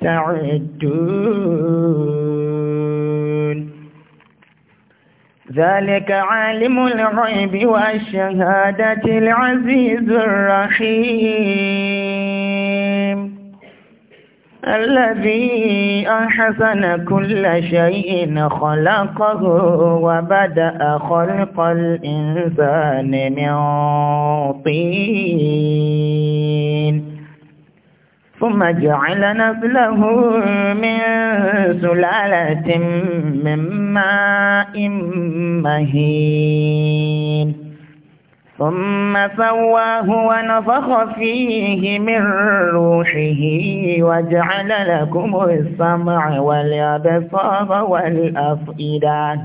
تعدون ذلك عالم الغيب والشهادة العزيز الرحيم الذي أحسن كل شيء خلقه وبدأ خلق الإنسان من طين ثم جعل نسله من سلالة من ماء مهين ثم سواه ونفخ فيه من روحه وجعل لكم السمع والأبصار والأفئدة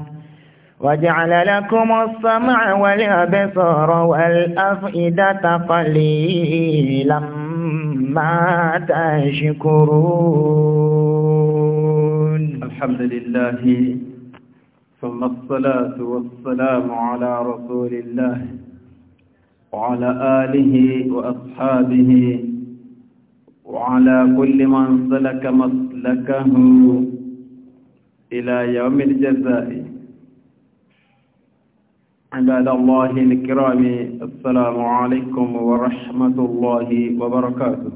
وجعل لكم السمع والأبصار والأفئدة قليلا ما تشكرون الحمد لله ثم الصلاة والسلام على رسول الله وعلى آله وأصحابه وعلى كل من سلك مسلكه إلى يوم الجزاء عباد الله الكرام السلام عليكم ورحمة الله وبركاته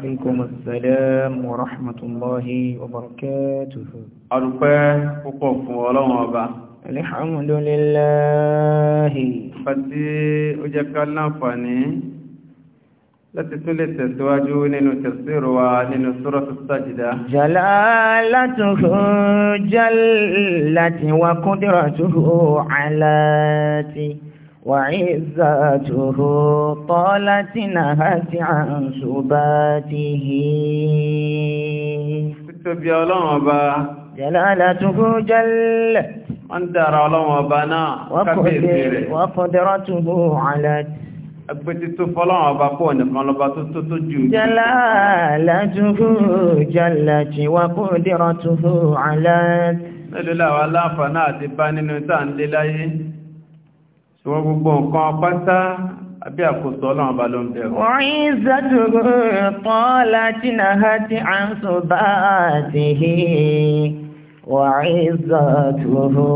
عليكم السلام ورحمة الله وبركاته أرفع فقف ولو أبا الحمد لله فتي أجاك النفاني لا تسولي تسواجوني نتصير وعنين سورة السجدة جلالته جلتي وقدرته علاتي وعزته طالت نهت عن سباته tóbi ọlọ́run ọba jalálàtúhú jẹ́lẹ̀ wọ́n dára ọlọ́run ọba náà kábíyèsí rẹ̀ wọ́n kọ́dẹ̀rọ́túhú alẹ́tì agbẹ́tí tó fọ́lọ́run ọba pọ̀ nìkan lọ́ba tó tó tó jù jalálàtúhú jẹ́lẹ̀tì wọ́n kọ́dẹ̀rọ́túhú alẹ́tì ṣùgbọ́n gbogbo nǹkan pátá àbí àkóso ọlọ́run bá ló ń bẹ̀rù. orin zádùrú kan láti náà ti à ń sọ bá àtìhí orin zádùrú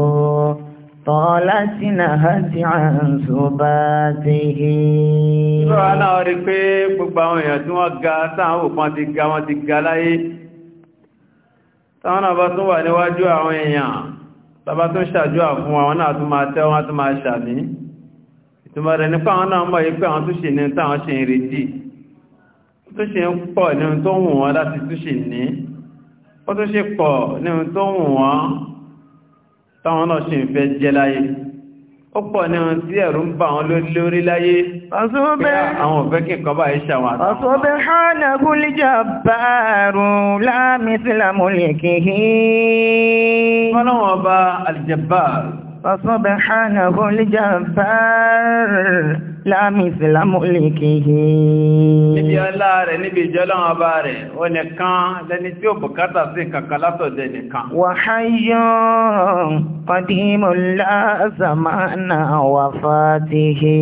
kan láti náà ti à ń sọ bá àtìhí. ìrora náà rí pé gbogbo àwọn èèyàn tí wọ́n ga sáwọn bàbá tó ṣàdúrà fún àwọn náà tó máa tẹ́ wọ́n tó máa ṣàmí ìtumọ̀ rẹ̀ nípa àwọn náà mọ̀ yìí pé àwọn tó ṣe ní táwọn ṣe ń retí tó ṣe ń pọ̀ ní ohun tó wù wọ́n láti tó ṣe ní ó tó ṣe pọ̀ ní tó wù wọ́n táwọn náà ṣe ń fẹ́ jẹ́ láyé ọ̀pọ̀ ni wọn tí ẹ̀rù ń bà wọn lórí láyé àwọn òfẹ́ kí nǹkan bá iṣẹ́ àwọn àtàwọn ọ̀sọ̀bẹ̀ hànà gúlíjà bàárùn láàmìsílámùlẹ̀ kìí wọ́n lọ́wọ́ bá alìjẹ̀bà láàmì ìsìlámù lè kéèké. Níbi ọlá rẹ̀ níbi ìjọlọ́wọ́ ọba rẹ̀, ó nìkan lẹni tí ó bùkátà sí kankan látọ̀dẹ̀ nìkan. Wà háyọ́ kọdímù lásàmánà wà fàtíhì.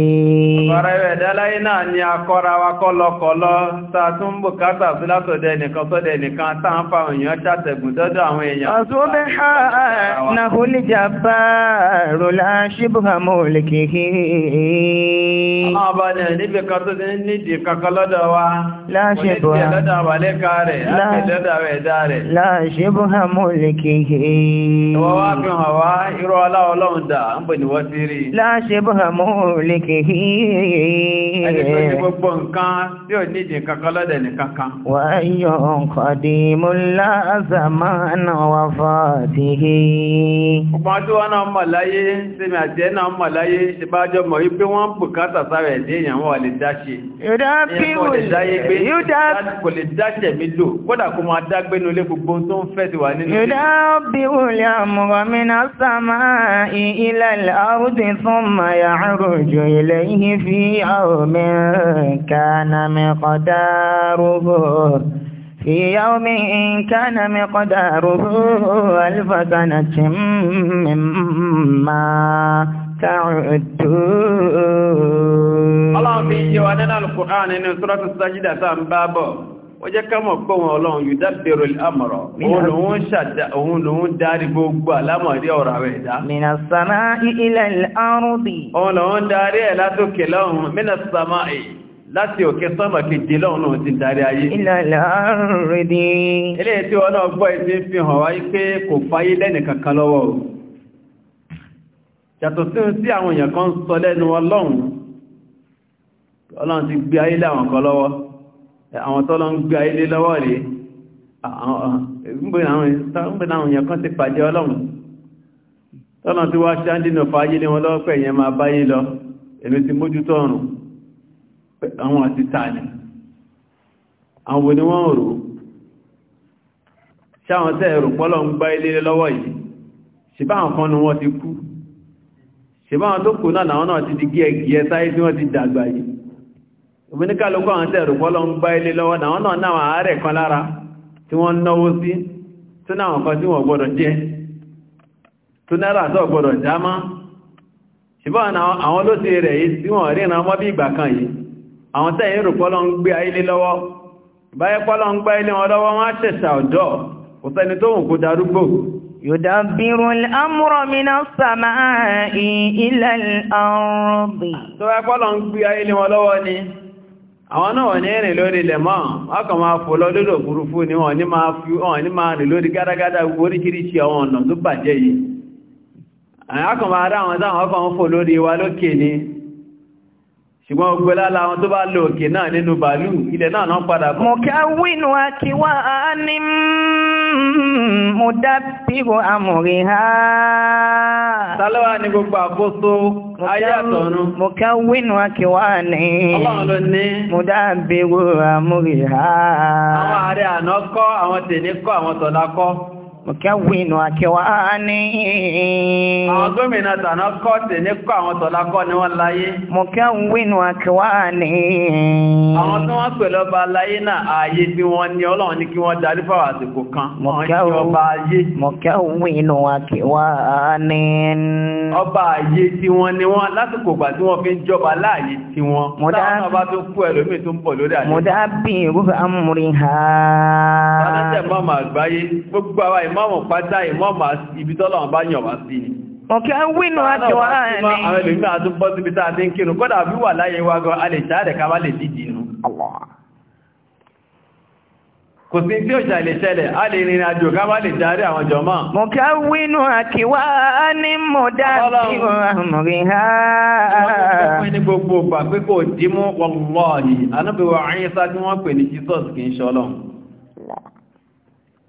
Ọ̀rẹ́ rẹ̀ dáláyé náà ni akọ́ra wa kọ́lọkọ́lọ́, ta tún bùkátà sí látọ̀dẹ̀ nìkan sọ́dẹ̀ nìkan táà ń fa èèyàn ṣàtẹ̀gùn dọ́dọ̀ àwọn èèyàn. Ọ̀sùnbẹ̀ ha náà hólíjà bá rọ̀lá ṣíbùhàmù lè kéèké. Ọba ni níbi kan ti nídìí kankan lọ́dọ̀ wa. Láṣẹ ha. Lọ́dọ̀ àbálẹ́ka rẹ̀, lọ́dọ̀ ẹ̀dá rẹ̀. ha mú lékèké. Ìwọ́ wá fi hàn wá irọ́ aláwọ̀lọ́hùn dà, ń bò ní wọ́n ha mú lékèké. Ẹni tó ní gbogbo nǹkan tí ò nídìí mú láàzàmá náà wá fàtìhì sára ẹ̀dẹ́ èèyàn wọ́n lè dáṣe kò lè dáṣẹ̀ mi lò kódà kó máa dágbénú lé gbogbo tó ń fẹ́ ti wà nínú ìdábíwòlẹ̀ àmúrọ̀mínà sàmà ilẹ̀ àrùdì fún maya àrùjò ilẹ̀ ihe fi àrùmẹ́ kánàmẹ́kọ̀dárúgbò في يوم كان مقداره ألف سنة مما تعدون الله في يواننا القرآن إن سورة السجدة تنبابه ó jẹ́ ká mọ̀ pé wọn ọlọ́run yóò dábẹ̀rọ àmọ̀rọ̀ òun lòun dárí gbogbo àlámọ̀rí ọ̀rọ̀ rẹ̀ dá. mìnàsàmá ilẹ̀ àrùbí. òun lòun dárí ẹ̀ látòkè lọ́run mìnàsàmá ẹ̀ láti òkè sọ́mà kejì lọ́run lòun ti dárí ayé. ilẹ̀ àrùbí. ilé tí wọn náà gbọ́ ìfihàn wáyé pé kò fáyé lẹ́nìkankan lọ́wọ́ o yàtọ̀ sí sí àwọn èèyàn kan sọ lẹ́nu ọlọ́run ọlọ́run ti gbé ayé lé àwọn kan lọ́wọ́ àwọn tọ́lọ́ ń gbé ayé lé lọ́wọ́ rí gbẹ̀nà àwọn èèyàn kan ti pàdé ọlọ́run tọ́lọ́ ti wá ṣáńdínà fàáyé lé wọn lọ́wọ́ pẹ̀ yẹn máa báyé lọ èmi ti mójú tọ́rùn àwọn àti tààlì ṣèbáwọn tó kù náà làwọn náà ti di gíẹ̀gíẹ̀ sáyé tí ti dàgbà yìí ominíkàlùkù àwọn tẹ̀rù pọ́lọ ń gbá ilé lọ́wọ́ náà náà náà kan lára tí wọ́n náwó sí kan tí wọ́n gbọ́dọ̀ tó gbọ́dọ̀ já kan àwọn Yòdàbírù l'ámúrọ̀ mínà sàmà ilẹ̀ ọ̀rọ̀bì. Tó bá pọ́lọ̀ ń gbí ayé lé wọn lọ́wọ́ ni, àwọn náà wọ́n ní rìn lórí ilẹ̀ mọ́, ọkọ̀ máa fò lọ lórí ni wọ́n ní máa fi wọ́n ní máa rìn lórí gádágádá oríṣiríṣi mudabbiru amriha. Tálọ́wà ni gbogbo àkóso ayé àtọ̀run. Mukawwinu akiwani. Ọlọ́run ló ní. Mudabbiru amriha. Àwọn ààrẹ àná kọ́, àwọn tèmi kọ́, àwọn tọ̀lá kọ́. mọ̀kẹ́wìnù àkẹwàání. Àwọn gómìnà tàná kọ́ọ̀tì ní kọ́ àwọn wọ́n láyé. àkẹwàání. Àwọn wọ́n pè lọ́ba láyé náà ààyè bí wọ́n ní ọlọ́run ní kí wọ́n darí àsìkò kan. àkẹwàání. Ọba ààyè tí wọ́n ní wọ́n lásìkò tí wọ́n fi ń jọba láàyè tí wọ́n. ha. ìmọ́mù pátá ìmọ́mù ibi tọ́lọ̀ bá yàn wá sí ni ọ̀kẹ́ wínú àjọwà ní àwọn ìlúmí àtúbọ́ síbi tàà tí ń kírùn kọ́dà bí wà láyé wá gan a lè ṣáàdẹ̀ ká bá lè dìdì inú kò sí tí ó ṣàlẹ̀ ṣẹlẹ̀ a lè rìnrìn àjò ká bá lè darí àwọn jọmọ́ mọ̀kẹ́ wínú àkíwá ní mọ̀dá sí ọmọrin ha ní gbogbo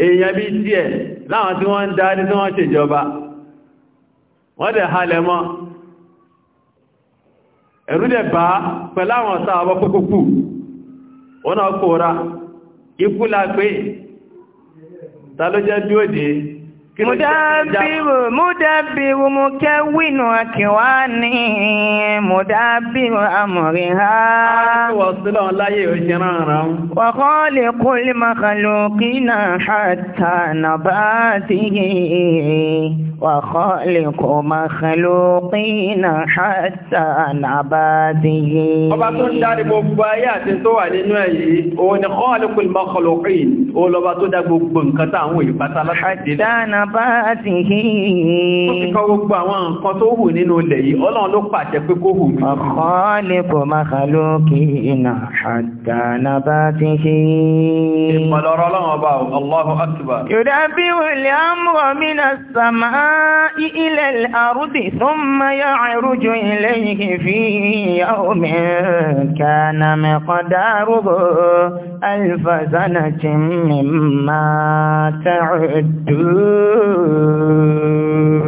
èèyàn bí ẹ̀ láwọn tí wọ́n ń darí tí wọ́n ṣe ṣèjọba wọ́n dẹ̀ halẹ̀ mọ́ ẹ̀rù dẹ̀ bá pẹ̀láwọn ọ̀tá ọba púpùpù wọ́n náà kóra ikú la pé ló jẹ́ bí ó dìí Mudabiru, mudabiru mukawinu akiwani, mudabiru amuri ha. Wàsílọ̀ láyé òṣèrè àrán. Wa khaliqul makhluqina hatta nabatihi. Wa khaliqul makhluqina hatta nabatihi. Ọba tó ń dárí gbogbo ayé àti tó wà nínú èyí, òun ni khaliqul makhluqin, ó lọ́ba tó dá gbogbo nǹkan táwọn ìpátá látàdé batihi. Ó ti kọ́ gbogbo àwọn nǹkan tó hù nínú ilẹ̀ yìí, Ọlọ́run ló pàṣẹ pé kó hù mí. Khaliqu makhluqina hatta nabatihi. Ìpàlọ́rọ̀ Ọlọ́run ọba Allahu akbar. Yudabbiru al-amra mina as-sama'i ila al-ardi thumma ilayhi fi yawmin kana miqdaruhu alfa sanatin mimma ta'uddun.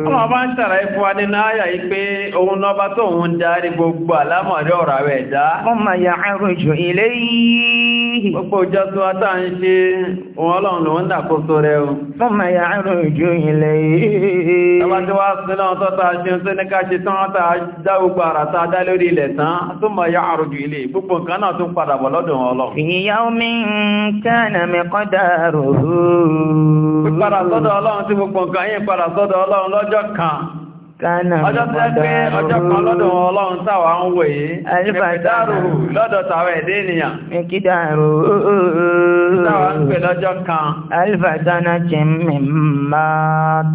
Ọmọ bá ń ṣàrà ikú wa nínú ayà yìí pé òun lọ́ba tó ń darí gbogbo àlámọ̀rí ọ̀rọ̀ rẹ̀ dá. Wọ́n máa yà àrùn jù ilé yìí. Gbogbo ìjọ tó wá tá ń ṣe òun ọlọ́run ló ń dàkóso rẹ̀ o. Wọ́n máa yà àrùn jù ilé yìí. ta ṣe tó ní ká ṣe tán tá a dá gbogbo àrà tá a dá lórí ilẹ̀ tán tó máa yà rántí gbogbo nǹkan yìí padà sọ́dọ̀ ọlọ́run lọ́jọ́ kan ọjọ́ tẹ́ pé ọjọ́ kan lọ́dọ̀ ọlọ́run tàwà ń wò yìí mẹ́kìdárò lọ́dọ̀ tàwà ẹ̀dẹ́ ènìyàn mẹ́kìdárò tàwà ń pè lọ́jọ́ kan alifàtánà ti mímọ̀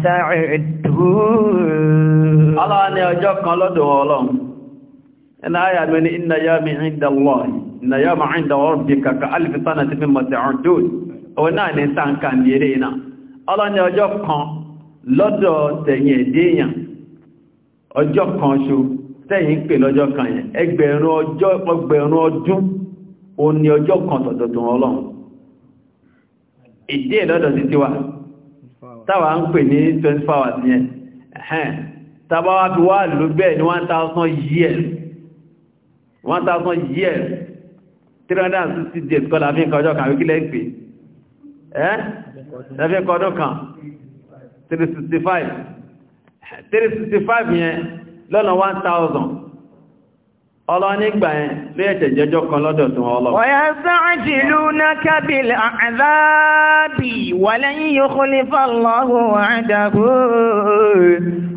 tàìdù ọlọ́run ni ọjọ́ kan lọ́dọ̀ ọlọ́run ẹ̀nà ayà mi ni inna yawmi inda Allah inna yawma inda rabbika ka alifàtánà ti mímọ̀ tàìdù ọ̀nà ni tàǹkà ní eré náà ọlọ́ni ọjọ́ kan lọ́dọ̀ tẹ̀yìn ẹ̀dẹ́yàn ọjọ́ kan ṣo tẹ̀yìn pè lọ́jọ́ kan yẹn ẹgbẹ̀rún ọjọ́ ọgbẹ̀rún ọdún ó ní ọjọ́ kan tọ̀tọ̀tọ̀ ọlọ́run ìdí ìlọ́dọ̀ sí tiwa táwa ń pè ní 24 hours yẹn ẹ̀hẹ́n tàbá wá bí wá lò bẹ́ẹ̀ ní kan wíkílẹ̀ ń pè ẹ́ ẹ̀fẹ́ kọdún kan 365 365 yẹn lọ́nà 1000 ọlọ́ni ìgbà yẹn ló yẹ̀ jẹjọ́ kan lọ́dọ̀ tún ọlọ́ ọ̀yá sáàjì lúnà kábìlì àzáàbì wà lẹ́yìn yóò kó lè fà lọ́wọ́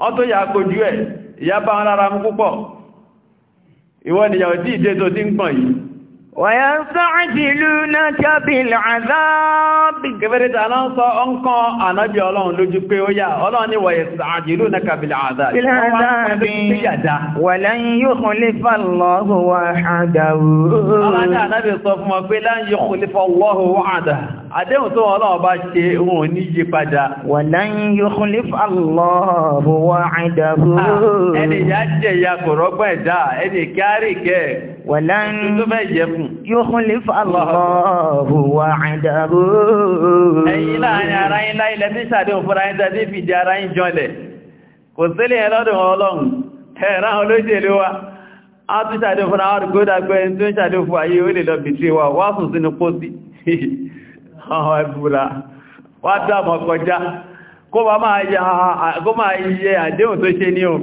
wọ́n tó yà kojú ẹ̀ ìyá bá wọn lára mú púpọ̀ ìwọ nìyàwó tí ìdé tó ti ń gbọ̀n yìí wọ̀yá sáàjì ìlú náà kábìlì àzáàbì yá ọlọ́run ni náà kábìlì àzáàbì wọ̀lá yóò kún àdéhùn tó wọn lọ́wọ́ bá ṣe wọn ní yí padà walan yukhlif Allahu wa'dahu ah, ẹni ìyá jẹ ìyá kò rọ́gbọ́n ẹ̀dá ẹni kíárì kẹ́ walan yukhlif Allahu wa'dahu ẹ̀yìn láàrin ara yín láìlẹ̀ tí sàdéhùn fúnra yín a tún sàdéhùn fúnra wọn kó dàgbẹ́ tó ń sàdéhùn fún ayé ó lè lọ bìtì wa wá sùn sínú pósí àwọn ẹbúra wá dámọ̀ kọjá kó bá máa yẹ àdéhùn tó ṣe ní o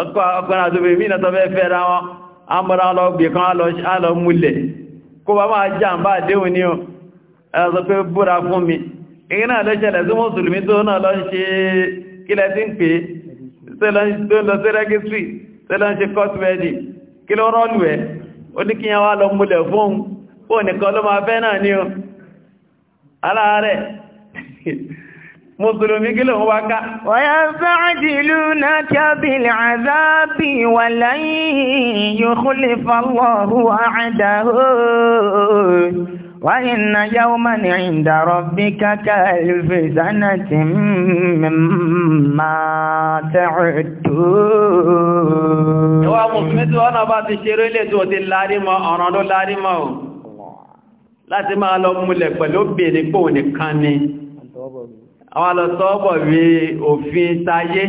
ọkọ̀nà tó bèèrè mínà tó fẹ́ fẹ́ ra wọn a mọ́ra lọ gbè kan alọ múlẹ̀ kó bá máa jàmbá àdéhùn ní o mi ìyẹn náà lọ́ṣẹ̀lẹ̀ sí mùsùlùmí tó náà lọ ṣe kílẹ̀ tí ń pè tó lọ sí rẹ́gísírì tó lọ ṣe kọ́tùmẹ́dì kí ló rọ́lù ẹ̀ ó ní kíyàn wá lọ múlẹ̀ fún òun nìkan ló fẹ́ náà ní o ara rẹ̀ mùsùlùmí kí ló wá ká. wọ́yá sáàjìlú náà kí a bí lè àzábì wà láyìn yóò kú lè fọwọ́rù àdáhó wáyé na yáwó máa ní ìdàrọ̀ bí kákà ìlúfẹ́ ìsánà tí máa tẹ́rẹ̀tò. ìwà mùsùlùmí tí wọ́n náà bá ti ṣeré lè tó ti lárí mọ́ ọ̀ràn ló lárí mọ́ láti máa lọ múlẹ̀ pẹ̀lú obìnrin pò nìkan ni àwọn alọ́tọ́ọ̀bọ̀ rí òfin sáyé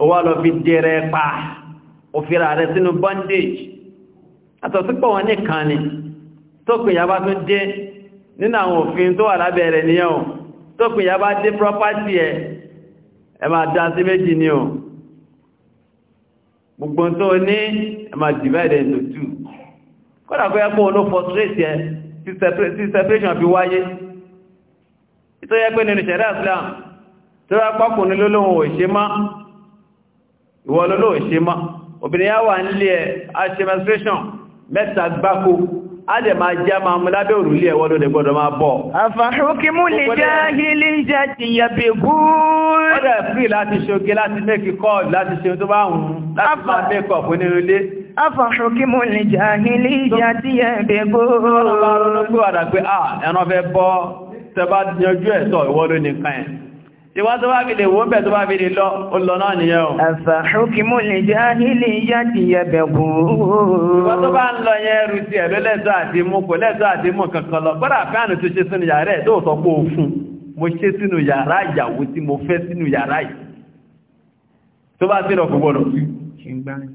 owó lọ fi dẹrẹ pa òfin rẹ̀ sínú bondage àtọ̀sípọ̀ wọn nìkan ni tó pìyà bá tún dé nínú àwọn òfin tó wà lábẹ̀ẹ̀rẹ̀ níyàn tó pìyà bá dé property ẹ̀ ẹ máa dá sí méjì ni o gbogbo tó ní ẹ máa divide into two kọ́dà kọ́ tí separation fi wáyé tó yẹ pé nínú ṣẹ̀rẹ́ Islam tó rá pákùnrin lólóhun òṣe má ìwọ lólóhun òṣe má obìnrin yá wà nílé ẹ̀ aṣemestration mẹ́ta gbáko ádẹ̀ máa jẹ́ máa mú lábẹ́ òrùlé ẹ̀wọ́ ló lè gbọ́dọ̀ máa bọ̀. àfàhùkímú lè jahilija afọ̀ṣùkímù lè jà nílé ìjà tí ẹ bẹ bó. Ọlọ́lá ah, ẹran fẹ́ bọ́, tẹbá yanjú ẹ̀tọ́ ìwọ́lú nìkan ẹ̀ ìwá tó bá fi lè wó bẹ̀ tó bá fi lè lọ olọ náà nìyẹn o. àfàhùkìmù lè já nílé yá ti yẹ bẹ̀ kú. ìwá tó bá ń lọ yẹn rú sí ẹ̀ lẹ́tọ́ àti mú kò lẹ́tọ́ àti mú kankan lọ gbọ́dọ̀ mo ṣe sínú yàrá mo fẹ́ sínú yàrá yìí tó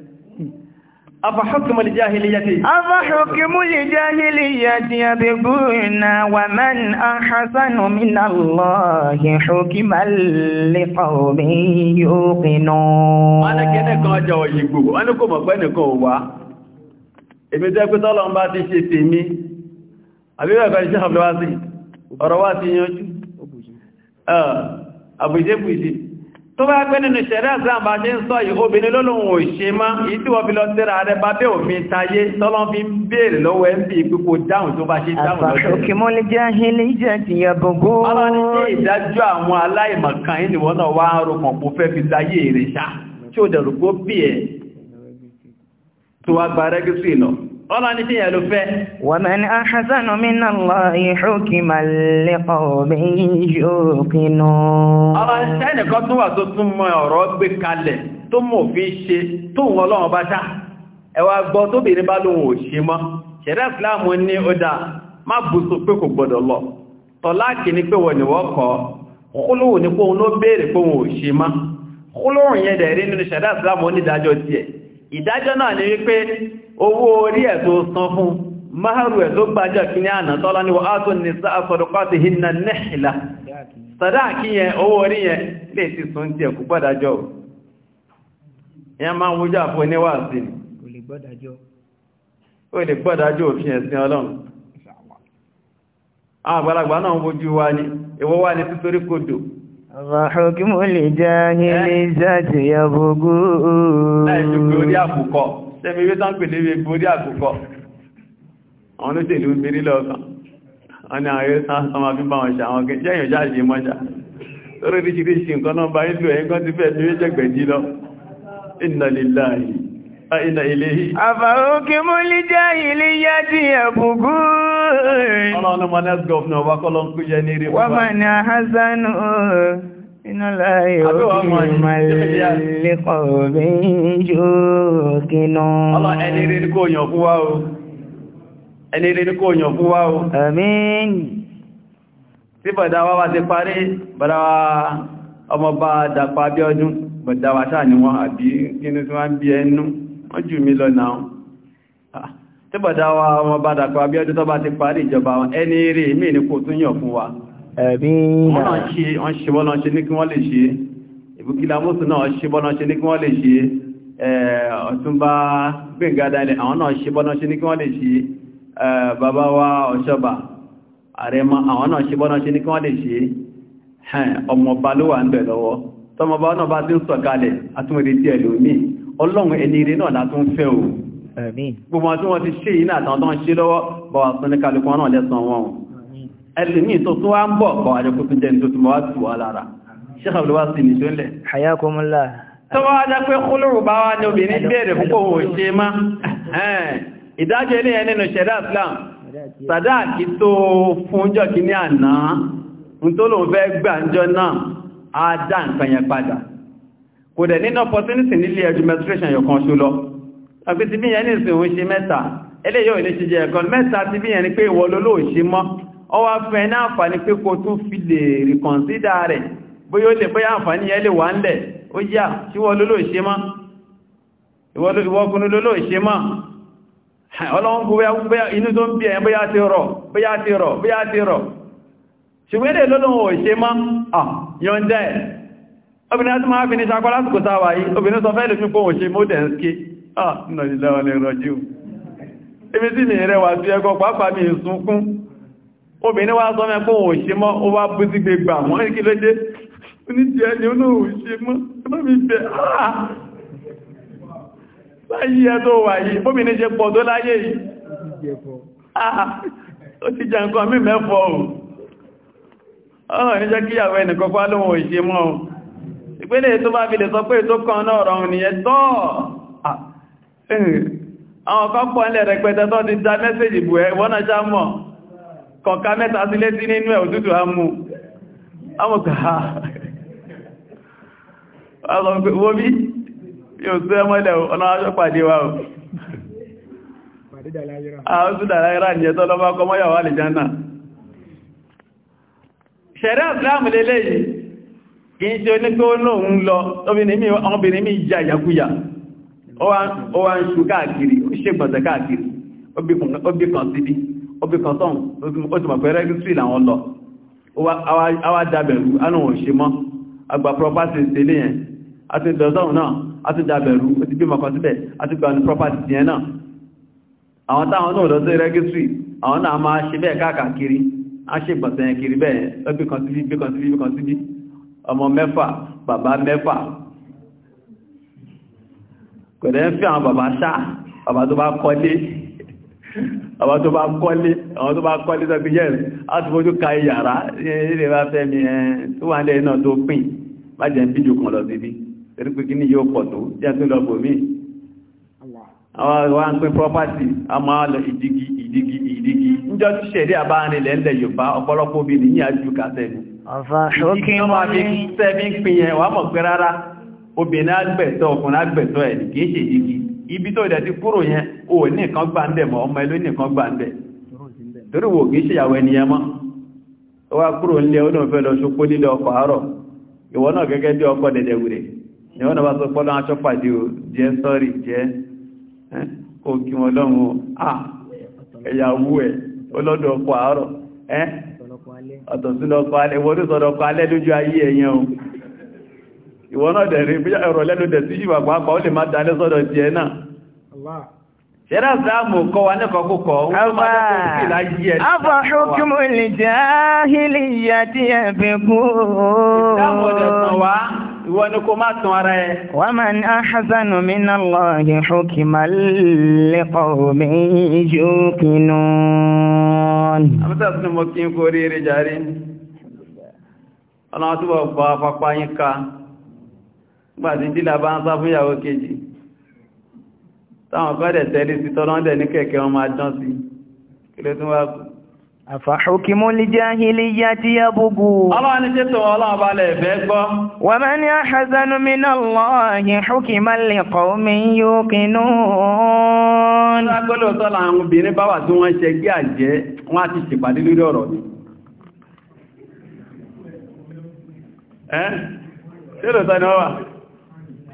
أفحكم الجاهلية أفحكم الجاهلية يبغون ومن أحسن من الله حكما لقوم يوقنون أنا كده كان جاوا يغبو أنا كو مغبا نكو وا èmi jẹ́ pé tọ́lọ́run bá ti ṣe tèmi àbíbẹ̀ bẹ̀rẹ̀ iṣẹ́ àbúrẹ́wá sí ọ̀rọ̀ wá ti yanjú àbújẹ́bùjẹ́ tó bá pẹ́ nínú ìṣẹ̀rẹ́ islam bá ṣe ń sọ yìí obìnrin lólóhun ò ṣe má yìí tí wọ́n fi lọ síra rẹ bá bẹ́ òfin tayé tọ́lọ́n fi ń béèrè lọ́wọ́ ẹ̀ ń bí pípo dáhùn tó bá ṣe dáhùn lọ́jọ́ Ọlá ní tí yẹ ló fẹ́. Waman ahsanu minallahi hukman liqawmin yuqinun. Ọlá ṣẹ́nìkan tó wà tó tún mọ ọ̀rọ̀ gbé kalẹ̀ tó mọ̀ fi ṣe tó wọ́n lọ́wọ́ bá ṣá. Ẹwà gbọ́ tó bèèrè bá lóhun ò ṣe mọ́. Ṣẹ̀rẹ́ Ìsìláàmù ní ó dáa, má bùsùn pé kò gbọdọ̀ lọ. Tọ́láàkì ni pé wọ́n ni wọ́n kọ́. Kúlùú ni pé òun ló béèrè pé òun ò ṣe mọ́. Kúlùú yẹn dẹ̀ rí nínú ṣẹ̀rẹ́ Ìsìláàmù onídàájọ́ tiẹ̀. ìdájọ́ náà ni wípé owó orí ẹ̀ tó san fún máàrù ẹ̀ tó gbájọ́ kí ní ànà tọ́lá ní wọ́n tó ní sáàsọ̀dọ̀kọ́tì hinna nẹ́hìlá sàdáàkì yẹn owó orí yẹn lè ti sún tí gbọ́dájọ́ ìyẹn máa ń wújọ Fàhùkímù lè já nílé ìjáde àbúgbò. Láìsí gbórí àkùkọ, tẹ́mi wé nǹkan náà bá nílò ẹ̀yìn ti fẹ́ mi wé jẹ́gbẹ̀jì lọ. Inna lillahi, inna ilayhi. Àfàhùkímù lè já ilé ìjáde àbúgbò. Ọlọ́run mọ̀ next governor wa kọ́lọ́ ń kú jẹ ní rí wọ́n. Wọ́n mọ̀ ní Hazanu iná láyé òkè màlẹ́kọ̀ bí jù kínú. Ọlọ́ ẹni rí ní kò yàn fún wa o. Ẹni rí ní kò yàn fún wa o. Tí bọ̀dá wá ti parí, bọ̀dá ọmọba dàpá bí ọdún, bọ̀dá sáà ni wọ́n àbí kínú tí wọ́n bí ẹnu, wọ́n jù mí lọ náà tí bọ̀dá wa wọn bá dàpọ̀ Abíọ́dún tó bá ti parí ìjọba ẹni rí mí ní kò tún yàn fún wa wọ́n ṣe wọ́n ṣe ní kí wọ́n lè ṣe ìbúkílá mọ́sùn náà ṣe bọ́nà ṣe ní kí wọ́n lè ṣe ọ̀túnbá gbẹ̀ngádà ilẹ̀ àwọn náà ṣe bọ́nà ṣe ní wa ọ̀ṣọ́bà àrẹmọ àwọn náà ṣe bọ́nà ṣe ní kí wọ́n lè ṣe ọmọọba ló wà ń bẹ̀ lọ́wọ́ tọmọba náà ọlọ́run ẹni ire náà látún fẹ́ o gbogbo wọn tí wọ́n ti ṣe iná àtàwọn tó ń ṣe lọ́wọ́ bọ̀wà tó ní kálukú wọn náà lẹ́sàn wọn ẹlùmí tó tún wá ń bọ̀ bọ̀wà jẹ́kú tó jẹ́ ní tó tún wá tù wá lára ṣẹ́kàlùwá sí ní ṣọ́lẹ̀ hayakumullah tó wá jẹ́ pé kúlùrù bá wá ní obìnrin bẹ̀rẹ̀ púpọ̀ wò ṣe má ìdájọ́ ilé ẹni nù ṣẹ̀dá Islam sàdáàkì tó fúnjọ́ kí ní àná ń tó lòun fẹ́ gbà ń kò dẹ̀ nínú opportunity nílé ẹjú menstruation yọ̀kan ṣó àfi ti bí yẹn ní ìsìn òun ṣe mẹ́ta eléyìí ò lè ṣe jẹ ẹ̀kan mẹ́ta ti bí yẹn ni pé ìwọ lólò ṣe mọ́ ọ wá fún ẹ ní àǹfààní pé kó tún fi lè rìkọ̀nsídà rẹ̀ bóyá ó lè bóyá àǹfààní yẹn lè wà ń lẹ̀ ó yá tí ìwọ lólò ṣe mọ́ ìwọ́kùnrin tó máa fi ní ṣakọ́ lásìkò táwà obìnrin sọ fẹ́ lè fi pọ́ òṣè ń ké ah nínú ìlẹ́ wọn lè rọjú ibi tí mi rẹwà sí ẹgbọ́ pàápàá mi sunkún obìnrin wá sọ mẹ́kún òun ṣe mọ́ ó wá bú sí gbẹgbà wọ́n kí ló dé oníṣẹ́ ẹni olóòun ṣe mọ́ ẹmọ́ mi bẹ̀ ah láyé ẹ tó wà yìí bóbìnrin ṣe pọ̀ tó láyé yìí ah ó ti jẹ nǹkan mí mẹ́fọ́ ọ̀rọ̀ níjẹ́ kíyàwó ẹnìkan pálóhun òṣèmọ́ ìpínlẹ̀ tó bá fi lè sọ pé tó kan náà rọrùn nìyẹn tọ́ọ̀ àwọn kan pọ̀ nílẹ̀ rẹpẹtẹ tó ti já mẹ́sẹ̀jì bù ẹ wọ́n náà já mọ̀ kọ̀ọ̀ká mẹ́ta sí létí nínú ẹ̀ òtútù amú amọ̀kàá wọ́bí yóò sí ẹmọ́ ilẹ̀ ọ̀nà aṣọ pàdé wa àwọn tó dára ìrà ní ẹ̀tọ́ ó wá ń ṣú káàkiri ó ṣe gbọ̀nsẹ̀ káàkiri ó bí kan síbí obi bí kan tán ó ti mọ̀ pé rẹ́gísírì làwọn lọ àwa dàbẹ̀rù anáwọn ṣe mọ́ àgbà property sílé yẹn àti dọ̀sán náà àti dàbẹ̀rù ó ti bí mọ̀kan síbẹ̀ àti gbà ní property yẹn náà àwọn táwọn náà lọ sí rẹ́gísírì àwọn náà máa ṣe bẹ́ẹ̀ káàkiri a ṣe gbọ̀nsẹ̀ yẹn kiri bẹ́ẹ̀ ó bí kan síbí bí kan síbí bí kan síbí ọmọ mẹ́fà bàbá mẹ́fà kọ̀dẹ̀ ń fi àwọn bàbá ṣá bàbá tó bá kọ́lé àwọn tó bá kọ́lé àwọn tó bá kọ́lé tó fi yẹ́ a ka yàrá ilẹ̀ bá fẹ́ mi ẹ̀ tó wà lẹ́yìn náà tó pín má jẹ́ bídò kan lọ síbi torí pé kí ní yóò pọ̀ tó jẹ́ tó lọ bò mí àwọn wa ń pín property a máa lọ ìdígi ìdígi ìdígi níjọ́ tí ṣẹ̀dí àbárin lẹ́lẹ̀ Yorùbá ọ̀pọ̀lọpọ̀ obìnrin agbẹ̀tọ́ ọkùnrin agbẹ̀tọ́ ẹ̀ kìí ṣe igi ibi tó ìdẹ̀tí kúrò yẹn o nìkan gbà ń bẹ̀ ọmọ ẹlú nìkan gbà torí wo kìí ṣe ìyàwó ẹniyẹn mọ́ ó wá kúrò ńlẹ̀ ó náà lọ ṣokó ọkọ̀ àárọ̀ ìwọ náà gẹ́gẹ́ ọkọ̀ ìwọ náà bá sọ ìwọ náà bí ẹ̀rọ lẹ́nu dẹ̀ sí ìwà pàápàá ó lè má dalẹ́ sọ́dọ̀ ti ẹ náà ṣẹ́rà ìsìláàmù kọ́ wa nẹ́kọ̀ọ́kọ́ afọ́ ṣókímù lè jẹ́ ahìlì ìyà kí n kó rí rí jàrí. Ọlọ́run túbọ̀ bá pápá yín gbàtí dílà bá ń sá fún ìyàwó kejì táwọn kan dẹ̀ tẹ́lé sí tọ́lọ́ dẹ̀ ní kẹ̀kẹ́ wọn máa dán sí kí ló tún wá kù. àfàhùkímú lè jahiliyyati yabghu. ọlọ́run ní ṣètò ọlọ́run bá lẹ̀ fẹ́ gbọ́. wa man tí wọ́n ṣe ṣé lóòótọ́ ni wọ́n wà?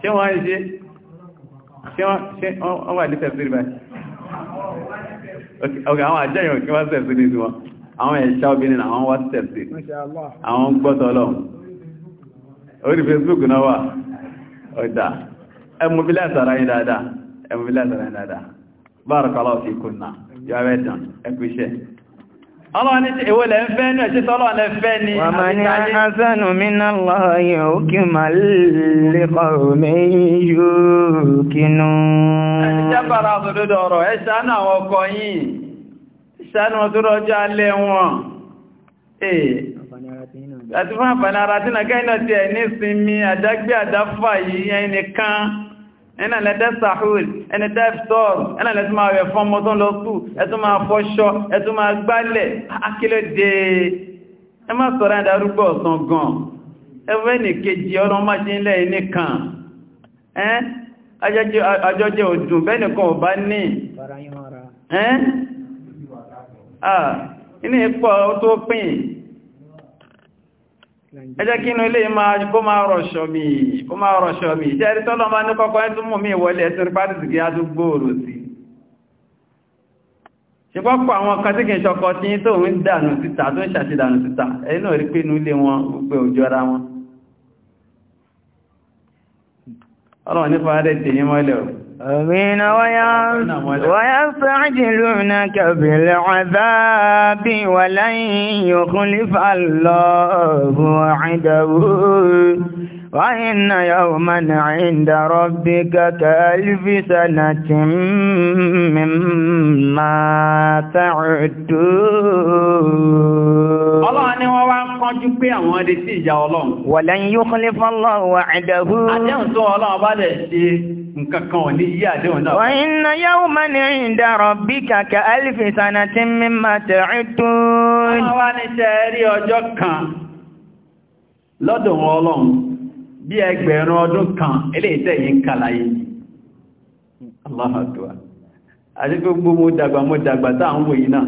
ṣe wọ́n ṣe ṣe wọ́n wà ní tẹ̀sírí báyìí ok àwọn àjẹ́yàn kí wọ́n tẹ̀sírí sí wọn àwọn ẹ̀ṣà obìnrin àwọn wá tẹ̀sírí àwọn gbọ́tọ̀ ọlọ́run orí facebook náà wà ọ̀dá ẹmùbílẹ̀ àtàrà yìí dáadáa ẹmùbílẹ̀ àtàrà yìí dáadáa bárakàlá ọ̀fíkùn náà yọ Ọlọ́run ní ìwé lẹ ń fẹ́ ní ẹ̀ṣẹ́ tọ́lọ́ lẹ fẹ́ ni. Wa man ahsanu minallahi hukman liqawmin yuqinun. Ẹni jábára òdòdó yìí, ṣàánú ọdúrọ̀ Ee, ẹ̀nà lẹ́tẹ́ sàhúl ẹni tẹ́ sọ́ọ̀rù ẹ̀nà lẹ́tí máa rẹ̀ fún ọmọ tó ń lọ sù ẹ̀tún máa fọṣọ ẹ̀tún máa gbálẹ̀ akílódé ah, ẹ má sọ̀rọ̀ àdárúgbọ̀ ọ̀sán gan ẹwẹ́ nìkejì ọ̀rọ̀ má ṣe ń ẹ jẹ́ kí inú ilé kó máa rọ̀ṣọ́ mi kó máa rọ̀ṣọ́ mi jẹ́rí tọ́lọ́ máa ní kọ́kọ́ ẹ́ tún mú mi wọlé ẹ̀ torí pàtàkì kí á tún gbòòrò sí ṣepọ́pọ̀ àwọn kan tí kì í ṣọkọ tí tó ń dànù síta tó ń ṣàṣìdànù síta ẹ̀yìn náà rí pé inú ilé wọn gbogbo òjọra أمين نعم، ويستعجلونك بالعذاب ولن يخلف الله وعده وإن يوما عند ربك كألف سنة مما تعدون ọlọ́run ni wọ́n wá ń kánjú pé àwọn ọdẹ sí ìjà ọlọ́run walan yukhlifa Allahu wa'dahu àdéhùn tó ọlọ́run bá lẹ̀ ṣe nǹkan ní yí àdéhùn náà wa inna yawman 'inda rabbika ka alfi sanatin mimma ta'uddun ọlọ́run wá ní ṣe rí ọjọ́ bí ẹgbẹ̀rún ọdún kan eléyìí yìí ń kàlàyé aláhàdùwà àti gbogbo mú dàgbà mú dàgbà ń wò yìí náà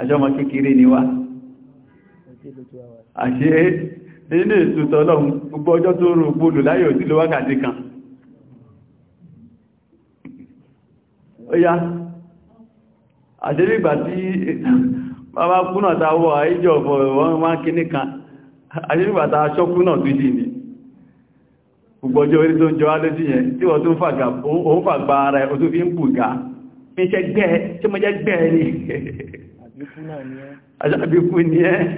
àjọmọ kékeré ni wá àṣẹ nínú ìtútọ́ gbogbo ọjọ́ tó rò gbòlù láyé òtí ló wákàtí kan tí bàbá kúnà kan tó jì ní gbogbo ọjọ́ orí tó ń jọ alójú yẹn tí wọ́n tún fàgbà ara ẹ̀ tó fi ń bùgá níṣẹ́ gbẹ́ tí mo jẹ́ gbẹ́ ni àṣàbíkú ni ẹ́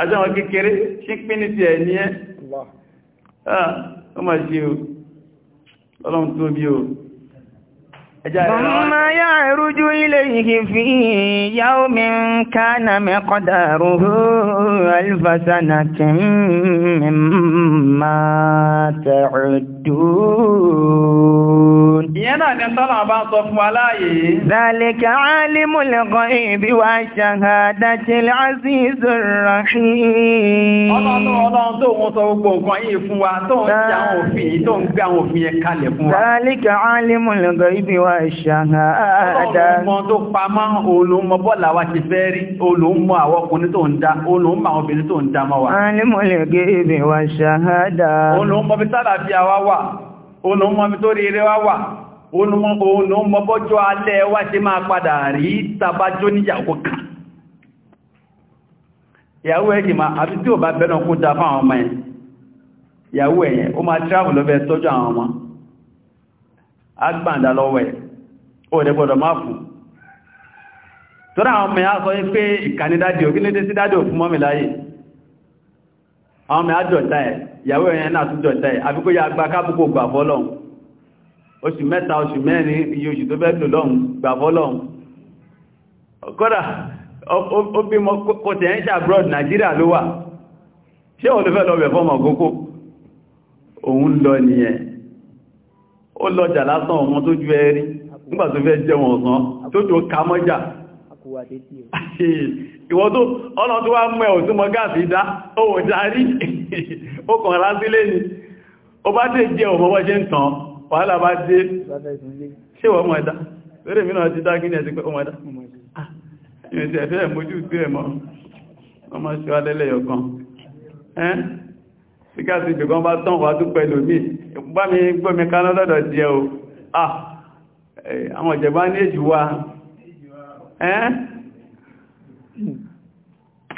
àṣàwọn kékeré ṣípín ní ti ẹ̀ ni ẹ́ ọmọ ṣe o ọlọ́run tó bí o Bọ́mọ yá rújú ilé yìí fi yáò mi ń ká na mẹ́kọ́dà rúrú alifasana tí mímọ̀. ما تعدون Ìyẹn náà ni tọ́lá bá ń sọ fún wa láàyè. Zalika alimul ghaibi azizur rahim. Ọlọ́run alimul ghaibi wa shahada. Ọlọ́run tó pamọ́ olùmọ bọ́lá wa ti fẹ́ rí olùmọ àwọn ọkùnrin tó wa. Alimul ghaibi wa shahada. Olùmọ bí sálàfíà olùmọ́mí tó rí rẹwà wà olùmọ́bọ́jọ́ alẹ́ wá ṣe máa padà rí tàbájọ́ níyàwó kan ìyàwó ẹ̀kì ma àbí tí ò bá bẹ́nà kó dá fún àwọn ọmọ ẹ̀ ìyàwó ẹ̀yẹn ó máa travel lọ́fẹ́ tọ́jú àwọn ọmọ agbàndà lọ́wọ́ ẹ̀ ó rẹ̀ gbọ́dọ̀ máa fún tọ́rọ àwọn ọmọ ẹ̀ á sọ pé ìkànnì dádì òkínlédé àwọn mẹ́ àjọ̀ta ẹ̀ ìyàwó ẹ̀yẹn náà tún jọ̀ta ẹ̀ àbíkó ya gba kábùkò gbà fọ́lọ́un oṣù mẹ́ta oṣù mẹ́rin iye oṣù tó bẹ́ẹ̀ lòlọ́un gbà fọ́lọ́un kódà ó bí mọ́ kò tẹ̀ ń ṣàbúrọ̀dì nàìjíríà ló wà ṣé òun ló fẹ́ lọ bẹ̀ fọ́mọ̀ kókó òun lọ nìyẹn ó lọjà lásán ọmọ tó ìwọ́n tó ọ̀nà tó wá mẹ́ òsúnmọ́ gáàsì ìdá ohun ìdarí okùn ara sílé ni ó bá dé jẹ́ ọmọwọ́ ṣe ń tàn wàhálà bá dé ṣe wọ́n mọ̀ ẹ̀dá lórí mìíràn ti dá gínẹ̀ sí pé ọmọ ẹ̀dá ìrìnṣẹ́ ah, ẹ̀fẹ́ mojú sí ẹ̀mọ́ ọmọ ṣe wá lẹ́lẹ̀ yọ̀kan ẹ́n síkásí ìgbẹ̀kan bá tán wà tó pẹ̀lú mi bá mi gbọ́mi kaná lọ́dọ̀ jẹ́ o ah, àwọn ìjẹ̀bá ní èjì wa ẹ́n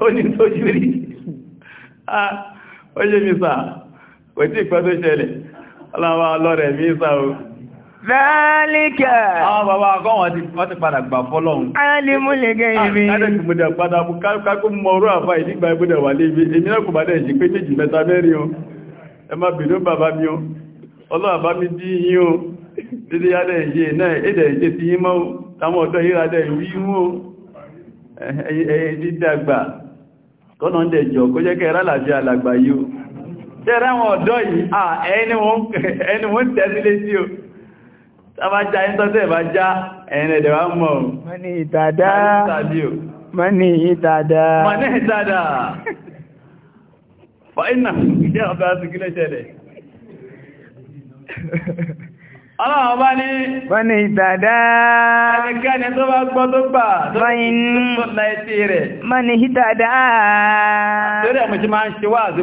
Ah, ó ní tó ṣe rí ó ṣe mi sáà kò tí ìpẹ́ tó ṣẹlẹ̀ ọlọ́wà ọlọ́rẹ̀ mi sáà o Zálíkà. Àwọn bàbá akọ́ wọn ti wọ́n ti padà gbà fọ́lọ́hun. Alímú lè ah, gẹ́ ìrìn. Àdẹ́kù mú dẹ̀ padà mú kákó mọ̀rú àfá ìdígbà ìgbódẹ̀ wà lébi. Èmi náà kò bá dẹ̀ ṣe pé jẹ́jì mẹ́ta mẹ́rin o. Ẹ má bìnú bàbá mi o. Ọlọ́run bá mi dí yín o. Dídí yádẹ̀ ìṣe náà èdè ìṣe ti yín mọ́. Táwọn ọ̀dọ́ yíra dẹ̀ ìwí kọ́nà ń dẹ̀ jọ kó jẹ́ kẹ́ rálàfíà làgbà yìí tẹ́rẹ́ wọn ọ̀dọ́ yìí à ẹni wọ́n tẹ́sílé sí o tàbájá ẹni tọ́tẹ́ bá já ẹni ẹ̀dẹ̀ wá mọ̀ mọ́ni ìtàdá mọ́ni ìtàdá Ọlọ́run bá ní Bọ́ni ìtàdá. tó bá gbọ́ tó gbà tó rẹ̀. Mọ́ni máa ń ṣe wá àti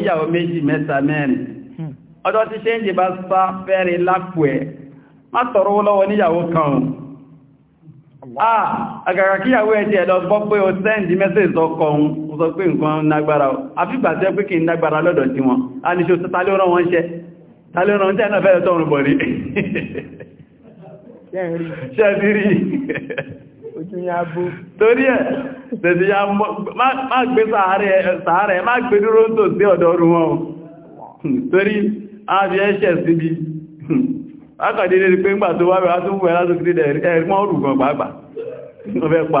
níyàwó méjì mẹ́ta mẹ́rin. Hmm. Ọjọ́ ṣe ń jẹ bá sá fẹ́rin ẹ̀. Má tọrọ lọ́wọ́ kan. Ah, ẹ̀ lọ pé o sẹ́ndì mẹ́sẹ̀sì sọ pé nǹkan nágbára. Àfígbà pé kí n nágbára lọ́dọ̀ tí wọn. A ní ṣe wọn tàbí ọ̀nà tẹ́ fẹ́ tọ́rùn bọ̀ rí ṣẹ́sìrí torí ẹ̀ tẹ̀sí ya má gbé sàárẹ̀ má gbé dúró tó sí ọ̀dọ̀rùn wọn torí ààbí ẹ̀ṣẹ̀ síbi akàdílé rí pé ń gbà tó wá rẹ̀ gbàgbà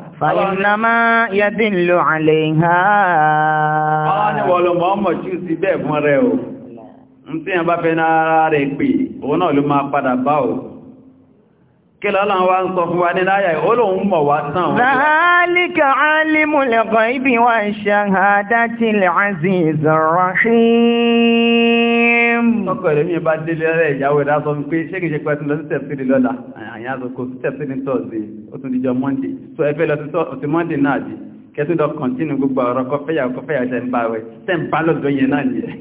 fàyínàmá yẹ́dí lò àlè ha. Wọ́n ní wọ́n lọ mọ́ jù sí bẹ́ẹ̀ fún rẹ̀ o. Ń tí yẹn bá fẹ́ náà rẹ̀ pè, Kílọ̀ ọlọ́run wá ń sọ fún wa ní láyà olóhun mọ̀ wá tán wọn. Zàálíkà alimul ghaibi wa shahadatil rahim. ṣe pẹ́ tún lọ sí tẹ̀sílì lọ́la, àyàn lọ kọ̀ntínú gbogbo ọ̀rọ̀ kọfẹ́yà kọfẹ́yà tẹ̀ ń bá rẹ̀, tẹ̀ ń bá lọ́dọ̀ yẹn náà nìyẹn.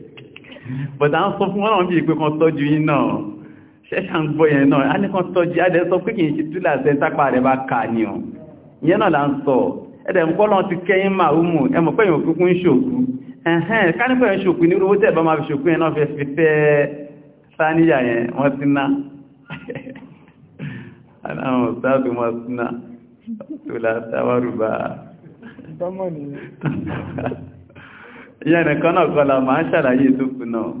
Bọ̀dá ń sọ fún wọn náà bí ìpé kan tọ́jú yín náà ṣẹ́ṣà ń gbọ́ yẹn náà a ní kan tọ́jú adẹ́ sọ pé kì í ṣe túlà ṣe sápa rẹ̀ bá kà ní ọ̀ ìyẹn náà là ń sọ ẹ̀dẹ̀ ń kọ́lọ́ ti kẹ́yìn máa wù mù ẹmọ̀ pẹ́yìn òkúkú ń ṣòkú ẹ̀hẹ́n kánípẹ́ ń ṣòkú ní owó tẹ́ẹ̀bá máa fi ṣòkú yẹn náà fẹ́ fi tẹ́ sáníyà yẹn wọ́n ti ná aláwọn sáàbì wọ́n ti ná túlà sáwárùbá ìyẹn nìkan náà kọ́lá máa ń ṣàlàyé tó kù náà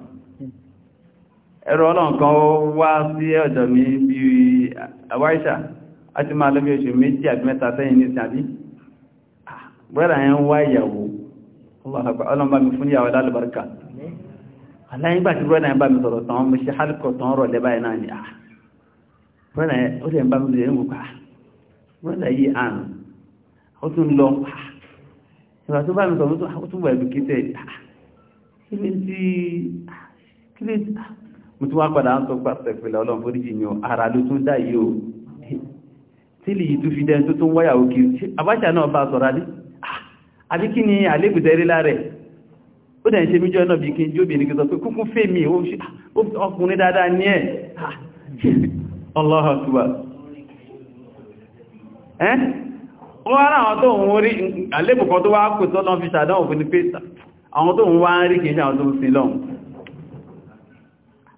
ẹ̀rọ ọlọ́run kan wá sí ọ̀dọ̀ mi bí i àwáìṣà a ti máa lọ́bí oṣù méjì àti mẹ́ta sẹ́yìn ní ìsìn àbí ah, bọ́ẹ̀rẹ̀ ẹ̀ ń wá ìyàwó ọlọ́mbà mi fún ìyàwó lálùbáríkà aláyíngbà tí bọ́ẹ̀rẹ̀ bá mi sọ̀rọ̀ tán mo ṣe hálùkọ̀ tán rọ̀ lẹ́bàá náà ni ah, bọ́ẹ̀rẹ̀ ó lè bá mi mo tún wá padà ń sọ pàṣẹ pẹ̀lẹ̀ ọlọ́run foríjì mi ara ló tún dá yìí o tí lè tún fi dẹni tó tún wáyàwó kiri Abacha náà bá sọ̀rọ̀ adé ah, àbí kí ni àlébùtẹ́ rí lára ẹ̀ ó dẹ̀ ń ṣe míjọ́ náà bí kí n jó bìnrin kí sọ pé kúkú fẹ́ mi ọkùnrin dáadáa ní ẹ̀ ọlọ́run tuba ẹ́ wọ́n ah, ara àwọn tó ń rí àlébùkọ́ tó wá kù tọ́lọ́ fi ṣàdánwò fún ni pé àwọn tó ń wá ń rí kìí ṣe àwọn tó ń sin lọ́hùn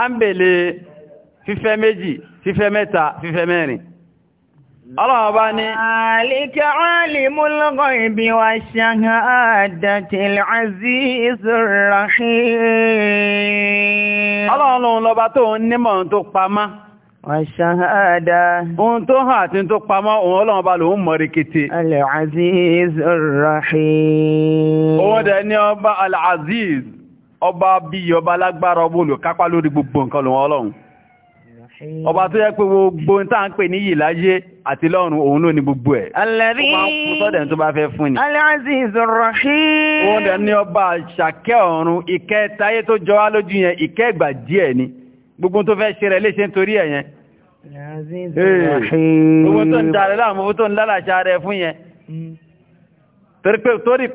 a ń bèlè fífẹ́ méjì fífẹ́ mẹ́ta fífẹ́ mẹ́rin ọlọ́wọ́ bá ní àlíkẹ́ alimul ghaibi wash-shahadatil azizur rahim ọlọ́run lọba tó ń tó hàn àti tó pamọ́ ohun ọlọ́run bá lòun mọ̀ rikiti al rahim owó dẹ̀ ní ọba al ọba bí ọba lágbára ọba olùkápá lórí gbogbo nǹkan lòun ọlọ́run ọba tó yẹ pé gbogbo tá ń pè ní yìí láyé àti lọ́run òun ló ní gbogbo ẹ̀ aziz ar-Rahim òun dẹ̀ ní ọba ṣàkẹ́ ọ̀run ìkẹ́ táyé tó jọ wá lójú yẹn ìkẹ́ ni gbogbo tó fẹ́ ṣe rẹ̀ léṣe nítorí ẹ̀ aziz ar-Rahim gbogbo tó ń darẹ̀ láàmú tó ń lálàṣà rẹ̀ fún yẹn mm. torí torí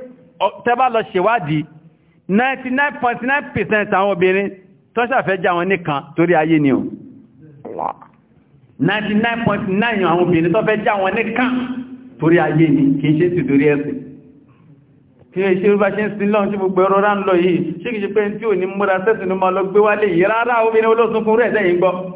tẹ́ lọ ṣèwádìí 99.9% àwọn obìnrin tó ṣàfẹ́ já wọn nìkan torí ayé ni o 99.9 àwọn obìnrin tó fẹ́ já wọn nìkan torí ayé ni kìí ṣe sí torí ẹ̀sìn kí ẹ ṣe bá ṣe ń sin lọ́n tí gbogbo ẹ̀rọ rán lọ yìí ṣe kìí ṣe pé tí ò ní múra sẹ́sìn ló máa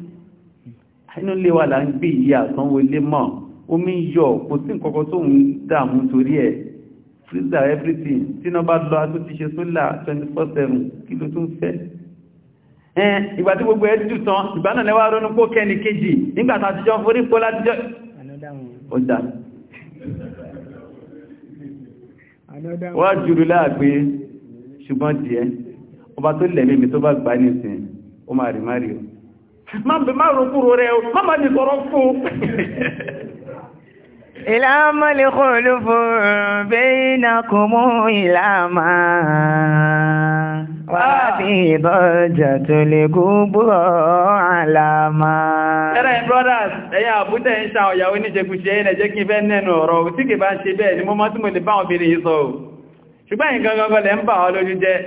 inú ilé wa là ń gbé ìyá àsanwó ilé mọ́ omi ń yọ kò sí nǹkankan tó ń dààmú torí ẹ̀ freezer everything tí iná bá lọ tó ti ṣe sólà 24/7 kí ló tún fẹ́ ẹn ìgbà tí gbogbo ẹ̀ dùn tán ìgbà náà lẹ́wà ronú pó kẹ́ni kejì nígbà tá àtijọ́ forí pó látijọ́ ọjà wọ́n jùrù láàgbé ṣùgbọ́n díẹ̀ ọba tó lẹ̀mí mi tó bá gbá nísìn ó má bẹ má ro kúrò rẹ o má má ní sọ̀rọ̀ fún ìlàmà lè kọlu fún bẹ́ẹ̀ na kò mú ìlàmà wà bí ìbọ̀jà tó lè gúgbùrọ̀ àlàmà. ẹ̀rẹ́ brothers ẹ̀yà àbúdẹ̀ ń ṣàwọn ìyàwó níṣekúṣe ẹ̀nà jẹ́ kí n fẹ́ nẹ́nu ọ̀rọ̀ tí kì bá ń ṣe bẹ́ẹ̀ ni mo mọ́ tí mo lè báwọn obìnrin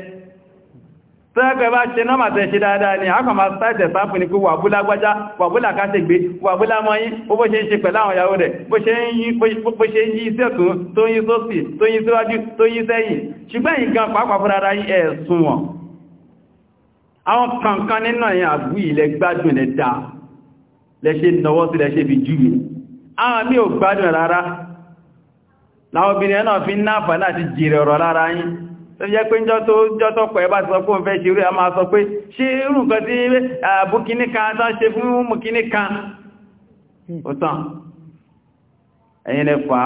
tẹ́ẹ̀kẹ́ bá ṣe nọ́mà tẹ́ ṣe dáadáa ni àkọ̀ máa sáìtẹ̀ sáàpù ní pé wàbúlá gbájá wàbúlá kásẹ̀gbé wàbúlá mọ́yí ó bó ṣe ń ṣe pẹ̀lú àwọn ìyàwó rẹ̀ bó ṣe ń yí sẹ́kùn tó yí sósì tó yí síwájú tó yí sẹ́yìn ṣùgbọ́n yìí gan pàápàá fúnra yí ẹ̀ sùn wọ̀n tó jẹ́ pé jọ́tọ́ pẹ̀ bá sọ pé ṣe a máa sọ pé ṣe irú nǹkan tí àbú kìíní kan tán ṣe fún mú kìíní kan ó ẹ̀yìn lẹ fà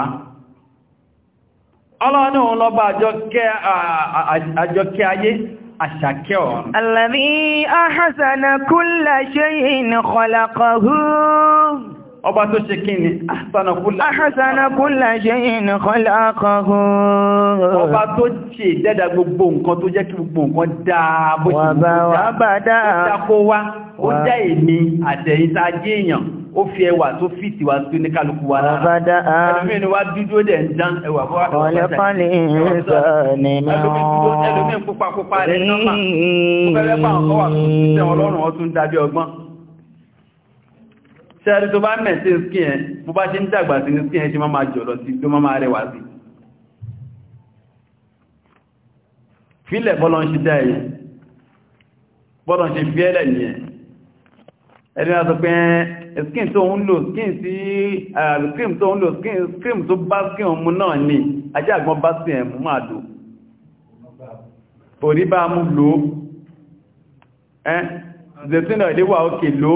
ọlọ́ni òun lọ àjọkẹ́ ayé àṣàkẹ́ ọ̀run ọba tó ṣe kí ni ahsana kulla shay'in khalaqahu ọba tó ṣe dẹ́dà gbogbo nǹkan tó jẹ́ kí gbogbo nǹkan dáa bó ṣe gbogbo dáa kó wá ó dá èmi àtẹ̀yìntà ajé èèyàn ó fi ẹwà tó fìtì wá tó ní kálukú wa lára ṣẹ́rí tó bá mẹ̀ sí skin ẹ bó bá ṣe ń dàgbà sí ní skin ẹ ṣe má máa jọ̀lọ̀ sí tó má máa rẹwà sí fílẹ̀ bọ́lọ̀ ń ṣe dá ẹ̀yẹn bọ́lọ̀ ń ṣe fi ẹ́lẹ̀ nìyẹn ẹni a sọ pé skin tó ń lò skin sí cream tó ń lò cream tó bá skin ọmọ náà ní ajá àgbọn orí bá mú lò ẹ́ zẹ̀tínà ìdíwà òkè lò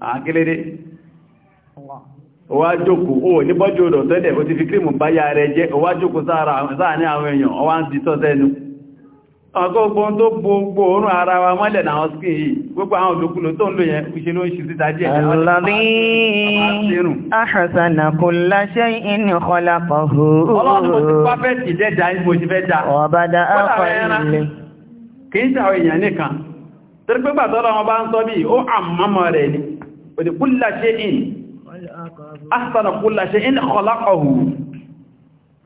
àkíléré wá jókòó ó ní bọ́jú odò tẹ́lẹ̀ o ti fi kírìmù bá rẹ jẹ́ wá jókòó sáàrin àwọn èèyàn ọwá ń di tọ́sẹ́nu ọgọ́gbọ́ tó gbogbo orún ara wa mọ́lẹ̀ na skin yìí gbogbo àwọn olùkúlò tó ń lò yẹn kúṣe ló ń ṣe síta òdí kúlà ṣe in ahsana kúlà ṣe in khalaqahu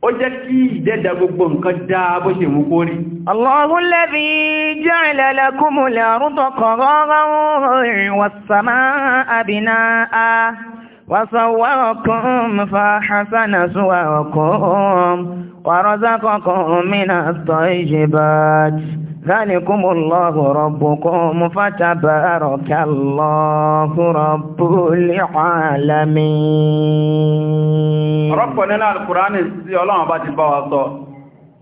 ó jẹ́ kí ìdẹ́dà gbogbo nǹkan dáa bó ṣe mú kó rí Allahu alladhi ja'ala وصوركم فحسن صوركم ورزقكم من الطيبات ذلكم الله ربكم فتبارك الله رب العالمين ربنا القرآن سي الله باتي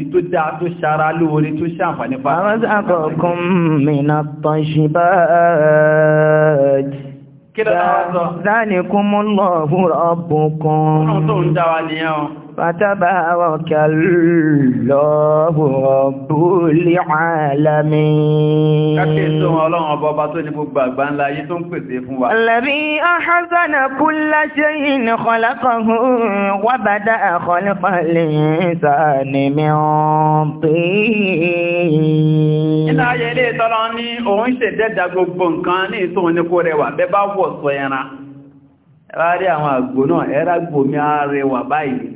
ìtò dá tó ṣara lóore tó ṣàǹfàní bá. Àwọn àkọ̀kùn mìíràn tán ṣe bá Kí lọ́nà wá sọ? Dáníkún mú lọ́ọ̀hún rọ̀bùn kan. Ọ̀nà tó ń dá wa nìyẹn فتبارك الله رب العالمين الذي أحسن كل شيء خلقه وبدأ خلق الإنسان من طين Iná ayé ilé ìtọ́lọ gbogbo nǹkan ní ìtòun ní rẹwà bẹ́ wọ̀ sọ ẹran. Ẹ àwọn àgbò náà, ẹ rágbò mi báyìí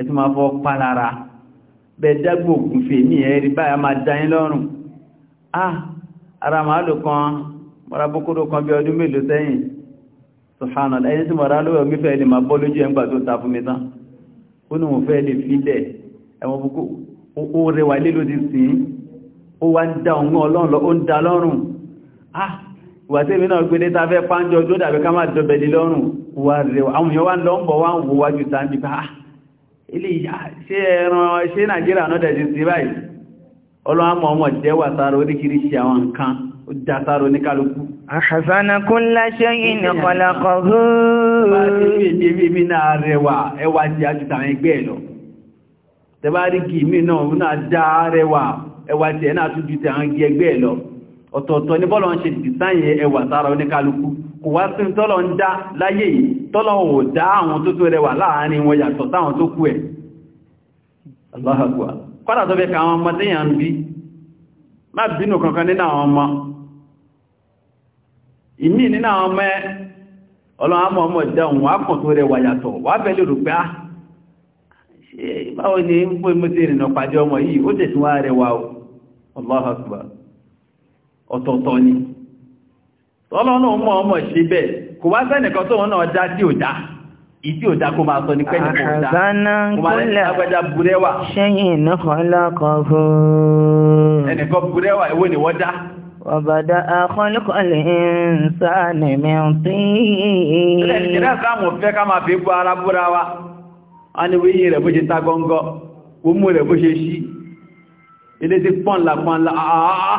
ẹ̀tí máa fọ́ pálára bẹ́ẹ̀ dágbò ògùnfè ní ẹ̀rí báyà máa dáyín lọ́rùn ah ara màálù kan mọ́ra bókóró kan bí ọdún mélòó sẹ́yìn sọ̀hánàlá ẹni tí mọ̀ra lówẹ̀ omi fẹ́ẹ̀ lè máa bọ́ lójú ẹgbà tó ta fún mi tán ah ìwà tí èmi náà gbélé ta fẹ́ pàǹjọ tó dàbí ká má jọbẹ̀ lé ilé ah, ṣe ẹran ṣe nàìjíríà náà dẹ̀ ti sí báyìí ọlọ́wọ́ mọ̀ ọmọ jẹ́wà sára oríkìíríṣìí àwọn nǹkan ó já sára oníkálukú ahsana kulla shay'in khalaqahu ọ̀tọ̀ọ̀tọ̀ ní bọ́lọ̀ ń ṣe dìsáyẹ̀ ẹwà sára oníkálukú kò wá sí tọ́lọ ń dá láyé yìí tọ́lọ ò dá àwọn tó tó rẹwà láàárín wọn yàtọ̀ tó kú ẹ̀ aláhàgbà kọ́dà tó fẹ́ ka àwọn ọmọ tíyàn ya bí má bínú kankan nínú àwọn ọmọ ìmí nínú àwọn ọmọ ẹ ah, ọmọ ọlọ́nà mọ́ ọmọ ṣe kò wá sẹ́nìkan tó wọ́n náà tí ò dá ìdí ò dá kó máa sọ ní pẹ́lú kò dá kò máa lẹ́gbẹ́já mẹ́rin tí yìí. Ilẹ̀ ìjìnlẹ̀ fẹ́ ká máa fi gbọ́ ara búra wa, a ni wíyí rẹ̀ bó ṣe ta gọ́ngọ́, wó mú rẹ̀ bó ṣe ṣí, ilé ti pọ́nlá pọ́nlá, àà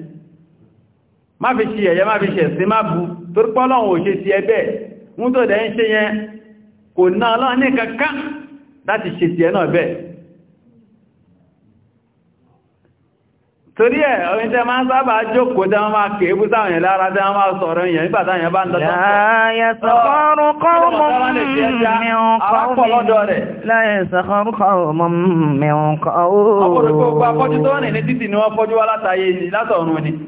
má fi ṣe ẹ̀yẹ má fi ṣe sí má bú torí pọ́lọ́run ò ti ẹbẹ́ mú tó dẹ̀ ń ṣe yẹn kò ná ọlọ́run ní kankan láti ṣe ti ẹ bẹ́ẹ̀ torí ẹ̀ ọ̀rin tẹ́ ń sábà jókòó tẹ́ máa kèébú sáwọn yẹn lára tẹ́ máa sọ̀rọ̀ yẹn nígbà táwọn bá ń dọ́tọ́ láyé sọ̀rọ̀ kọ́ọ̀mọ̀ mẹ́ọ̀kọ́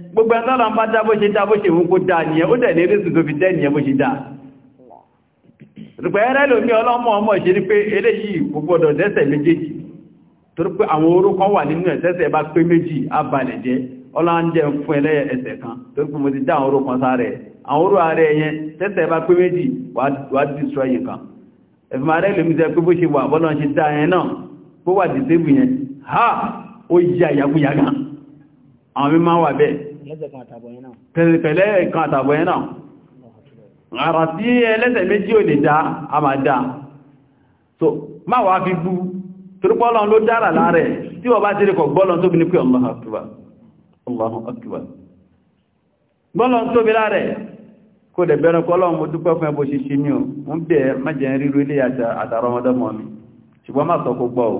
gbogbo ẹ̀tọ́lọ ń bá dá bó ṣe dá bó ṣe wú dá nìyẹn ó dẹ̀ lè rí tuntun fi dẹ́ nìyẹn bó ṣe dá rùpẹ̀ẹ́rẹ́ lómi ọlọ́mọ ọmọ ṣe rí pé eléyìí pé àwọn wà nínú ẹ̀sẹ̀sẹ̀ bá pé méjì jẹ́ fún kan mo ti dá àwọn sáré àwọn orú ààrẹ tẹ́sẹ̀ bá pé méjì wà pẹ̀lẹ́ kan àtàbọ̀ yẹn náà àrà tí ẹlẹ́sẹ̀ méjì ò lè dá a máa dá so má wá fi bú torípọ́lọ́n ló dára láàrẹ̀ tí wọ́n bá ti rí kọ̀ gbọ́lọ́n tóbi ní pé Allahu Akbar Allahu Akbar gbọ́lọ́n tóbi láàrẹ̀ kó dẹ̀ bẹ̀rẹ̀ kọ́lọ́n mo dúpẹ́ fún ẹbò ṣiṣi mi ò ń bẹ̀ẹ́ mẹ́jẹ̀ ríru ilé àtàrọmọdọ́mọ mi ṣùgbọ́n má sọ kó gbọ́ ò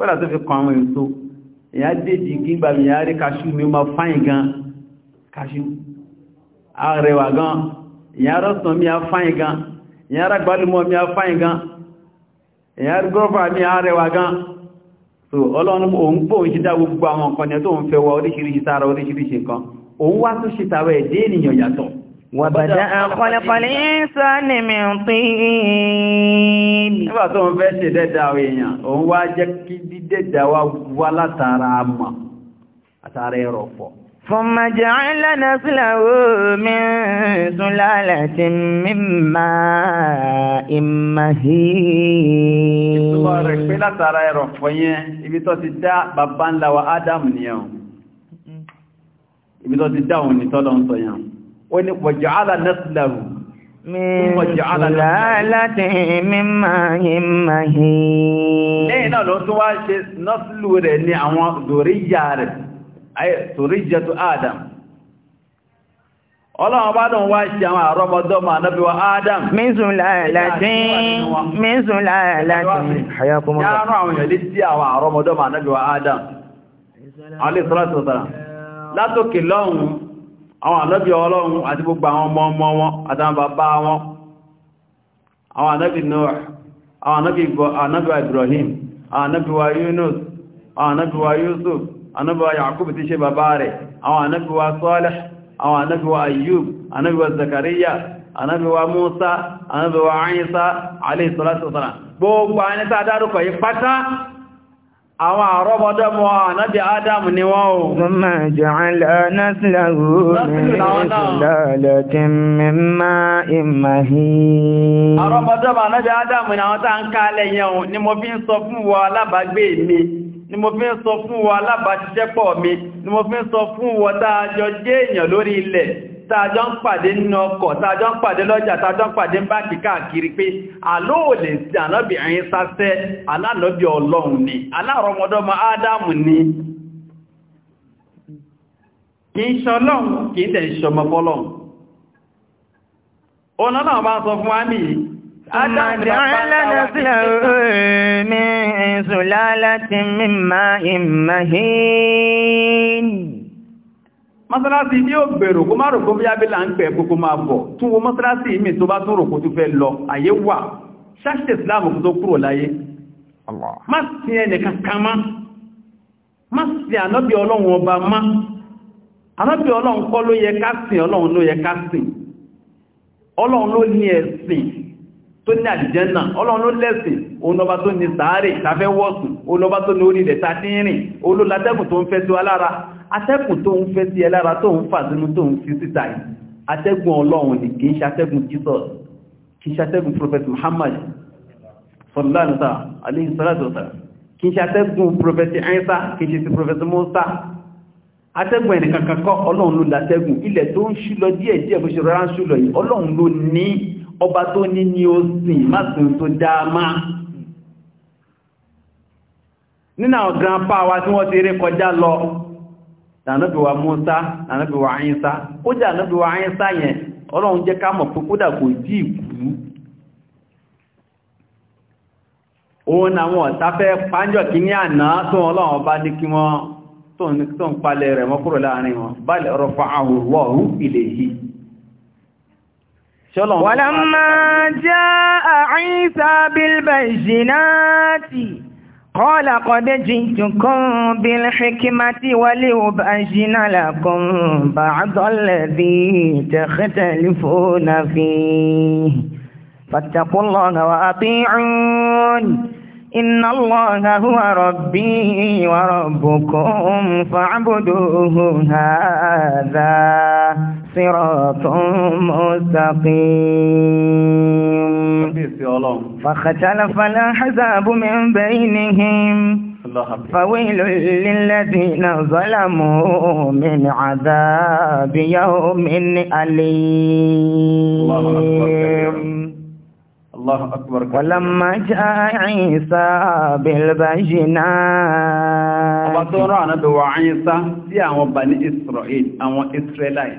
kọ́lá tó fi kan àwọn èso èyàn mi yàá rí kaṣú mi ma fáyìn gan kaṣú arẹwà gan èyàn rọ́sàn mi a fáyìn gan èyàn rágbálùmọ́ mi a fáyìn gan èyàn gọ́fà mi arẹwà gan so ọlọ́run òun gbóhun وبدأ خلق الإنسان من طين Nígbà tó ń fẹ́ ṣe dẹ́dà àwọn èèyàn, òun wá jẹ́ kí dídẹ́dà wá wá látara àmà àtàrà ẹ̀rọ̀fọ̀. ثم جعل نسله من سلالة من ماء مهين. Ìtumọ̀ rẹ̀ pé látara ẹ̀rọ̀fọ̀ wa Ádámù nìyẹn. Ibi tó ti dá òun ó ní pọ̀jọ́ alánẹ́sìlẹ̀rù lẹ́yìn náà ló tún wá ṣe nọ́sìlù rẹ̀ ní àwọn zòríyà rẹ̀ zòríyàtu adam ọlọ́run bá dùn wá ṣe àwọn àrọ́mọdọ́mọ ànábíwá adam mísùn láàlátín látòkè lọ́hùn àwọn ànábì ọlọ́run àti gbogbo àwọn ọmọ ọmọ wọn àtàwọn bàbá wọn àwọn ànábì Nuh àwọn ànábì wa Ibrahim àwọn ànábì wa Yunus àwọn ànábì wa Yusuf ànábì wa Yakub ti ṣe bàbá rẹ̀ àwọn ànábì wa Salih àwọn ànábì wa Ayub ànábì wa Zakariya ànábì wa Musa ànábì wa àwọn àrọ́bọdọ́mọ ànábì Ádámù ni wọ́n o. wọ́n máa jẹ́ alánásíláwò ìrìnlẹ̀ mímá ìmàhí. àrọ́bọdọ́mọ ànábì Ádámù ni àwọn tá ń kálẹ̀ yẹn ni mo fi ń sọ fún wa alábàágbé mi ni mo fi ń sọ fún wa alábàáṣiṣẹ́pọ̀ tàjọ́ ń pàdé nínú ọkọ̀ ń pàdé lọ́jà tàjọ́ ń pàdé báńkì káàkiri pé alóòlè sí ànábì àyín sáṣẹ́ alánàbì ọlọ́run ni alárọmọdọ́mọ ádámù ni kì í ṣọlọ́run kì í tẹ̀ ṣọmọfọ́lọ́run náà sọ fún mọ́sálásí ní ó gbèrò kó má rò kó bíyá bí là ń pẹ̀ gbogbo máa bọ̀ tún wo mọ́sálásí mi tó bá tún rò kó tún fẹ́ lọ àyè wà ṣáṣẹ́ ìsìláàmù kó tó kúrò láyé má sí ẹnì kankan má má sí ànábì ọlọ́run ọba má ànábì ọlọ́run kọ́ ló yẹ ká sìn ọlọ́run ló yẹ ká sìn atẹ́gùn tó ń fẹ́ sí ẹ lára tó ń fàdínú tó ń fi síta yìí atẹ́gùn ọlọ́run ni kìí ṣatẹ́gùn jesus kìí ṣatẹ́gùn prophet muhammad sọ̀rọ̀lánàtà aléìsọ́látọ̀tà kìí ṣatẹ́gùn prophet isa kìí ṣe sí prophet musa atẹ́gùn ẹnìkan kankọ́ ọlọ́run ló látẹ́gùn ilẹ̀ tó ń ṣúlọ díẹ̀ díẹ̀ bó ṣe rọra ń ṣúlọ yìí ọlọ́run ló ní ọba tó ní ní ó sìn má sìn tó dáa nínú àwọn grandpa wa tí wọ́n ti rí kọjá lọ ànábì wa Mùsá ànábì wa ó jẹ́ ànábì wa yẹn ọlọ́run jẹ́ ká mọ̀ pé kódà kò jí ìkú òun àwọn ọ̀tá fẹ́ pàájọ̀ kí ní àná tó ọlọ́run bá ní kí wọ́n tó palẹ̀ rẹ̀ mọ́ láàrin wọn bal rafa'ahu Allahu ilayhi قال قد جئتكم بالحكمة وليبأجن لكم بعض الذي تختلفون فيه فاتقوا الله وأطيعون إن الله هو ربي وربكم فاعبدوه هذا صراط مستقيم فاختلف الأحزاب من بينهم فويل للذين ظلموا من عذاب يوم أليم الله أكبر ولما جاء عيسى بالبجنات أبطر أنا عيسى يا بني إسرائيل أو إسرائيل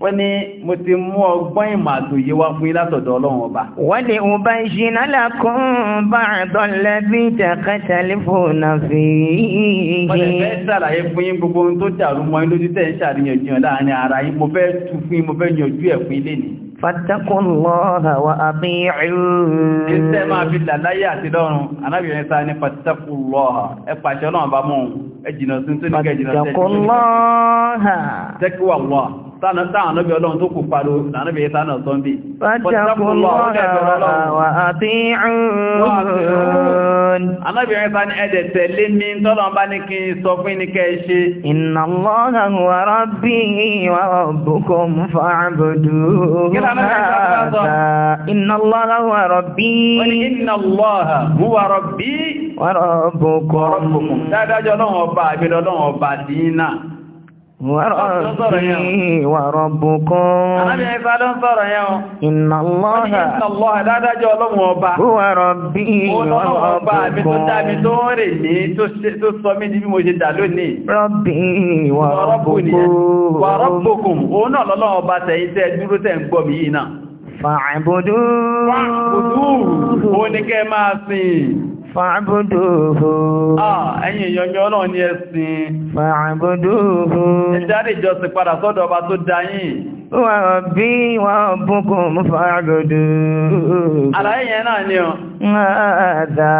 ó ní mo ti mú ọgbọ́n ìmọ̀ àtòyé wá fún ilátọ̀dọ̀ ọlọ́run ọba. wọ́n lè ń bá iṣẹ́ nálà kún bá àdọ́lẹ̀ bí ìjàkà tẹlifóònà fi yìí. mo lè fẹ́ ṣàlàyé fún yín gbogbo ohun tó dàrú mọ́ yín lójú tẹ̀ ń ṣàríyànjiyàn láàrin ara yín mo fẹ́ tu fún yín mo fẹ́ yanjú ẹ̀ fún ilé ni. Fàtàkùn lọ́ha wa àbíyàn. Iṣẹ́ máa fi làláyé àti lọ́run, anábìrin sáà ní fàtàkùn lọ́ha, ẹ pàṣẹ ọlọ́run bá mọ́ ẹ jìnà sí tó ní kẹ jìnà sí ẹjìnà. Fàtàkùn lọ́ha. Tẹ́kíwà lọ́ha táwọn ọ̀nà bí ọlọ́run tó kù pàdó lànà bí ìtànà tó ń bí. Anábìnrin ta ni ẹ̀dẹ̀ tẹ̀lé mi tọ́lọ̀n bá ní kí Inna Allaha rabbi wa rabbukum fa'buduhu. Inna Allaha rabbi. Inna Allaha huwa rabbi وربي وربكم إن الله هو máa Fa'abuduhu. Ah, ẹ̀yin ìyọ̀nyọ́ náà ni ẹ̀sìn. Fa'abuduhu. Ìjáde ìjọsìn padà sọ́dọ̀ ọba tó dá yín. Wa rabbi wa rabbukum fa'buduhu. Àlàyé yẹn náà ni ọ. Hadha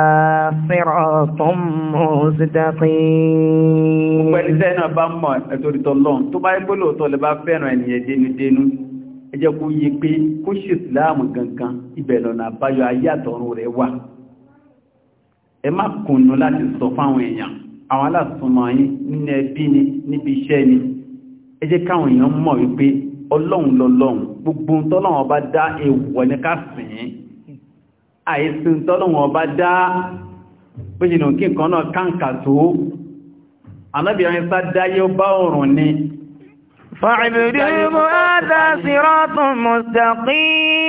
siratun mustaqim. Gbogbo ẹni tẹ́ náà bá mọ̀ ẹ̀tọ́rí tọ́lọ́n tó bá gbé lóòótọ́ lè bá fẹ́ràn pé kó ṣe ìsìláàmù gangan ibẹ̀ àbáyọ ayé àtọ̀run rẹ̀ wà ẹ má kùnú láti sọ fáwọn èèyàn àwọn alásùnmọ̀ yín nínú ẹbí ni níbi iṣẹ́ ni ẹ jẹ́ káwọn èèyàn mọ̀ wípé ọlọ́run lọ́lọ́run gbogbo tọ́lọ́run ọba dá èèwọ̀ ní ká sìn ín àìsìn dá bójìnà kí nǹkan náà káǹkà tó anábìrin sá dáyé ó bá òrùn ni fa'budu hadha siratun mustaqim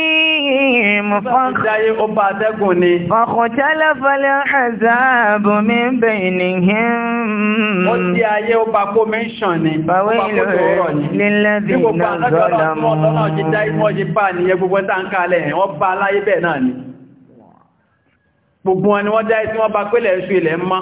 Fọ́ndáyé ó bá tẹ́gùn ni. Ọkùnjẹ́lẹ̀ fẹ́lẹ̀ àzáàbò mi bẹ̀yìn ní hẹ́m. Ó ti ayé ó bá kó mẹ́ṣàn ni. Bàwé ìlú rẹ̀ lílẹ́bí náà zọ́lá mọ́. Ọlọ́nà ọjí dá imọ́ ọjí bá nìyẹn gbogbo táǹkálẹ̀ ẹ̀ wọ́n bá aláyé bẹ́ẹ̀ náà ni. Gbogbo wọn ni wọ́n dá ẹ̀ tí wọ́n bá pẹ́lẹ̀ ṣu ilẹ̀ mọ́.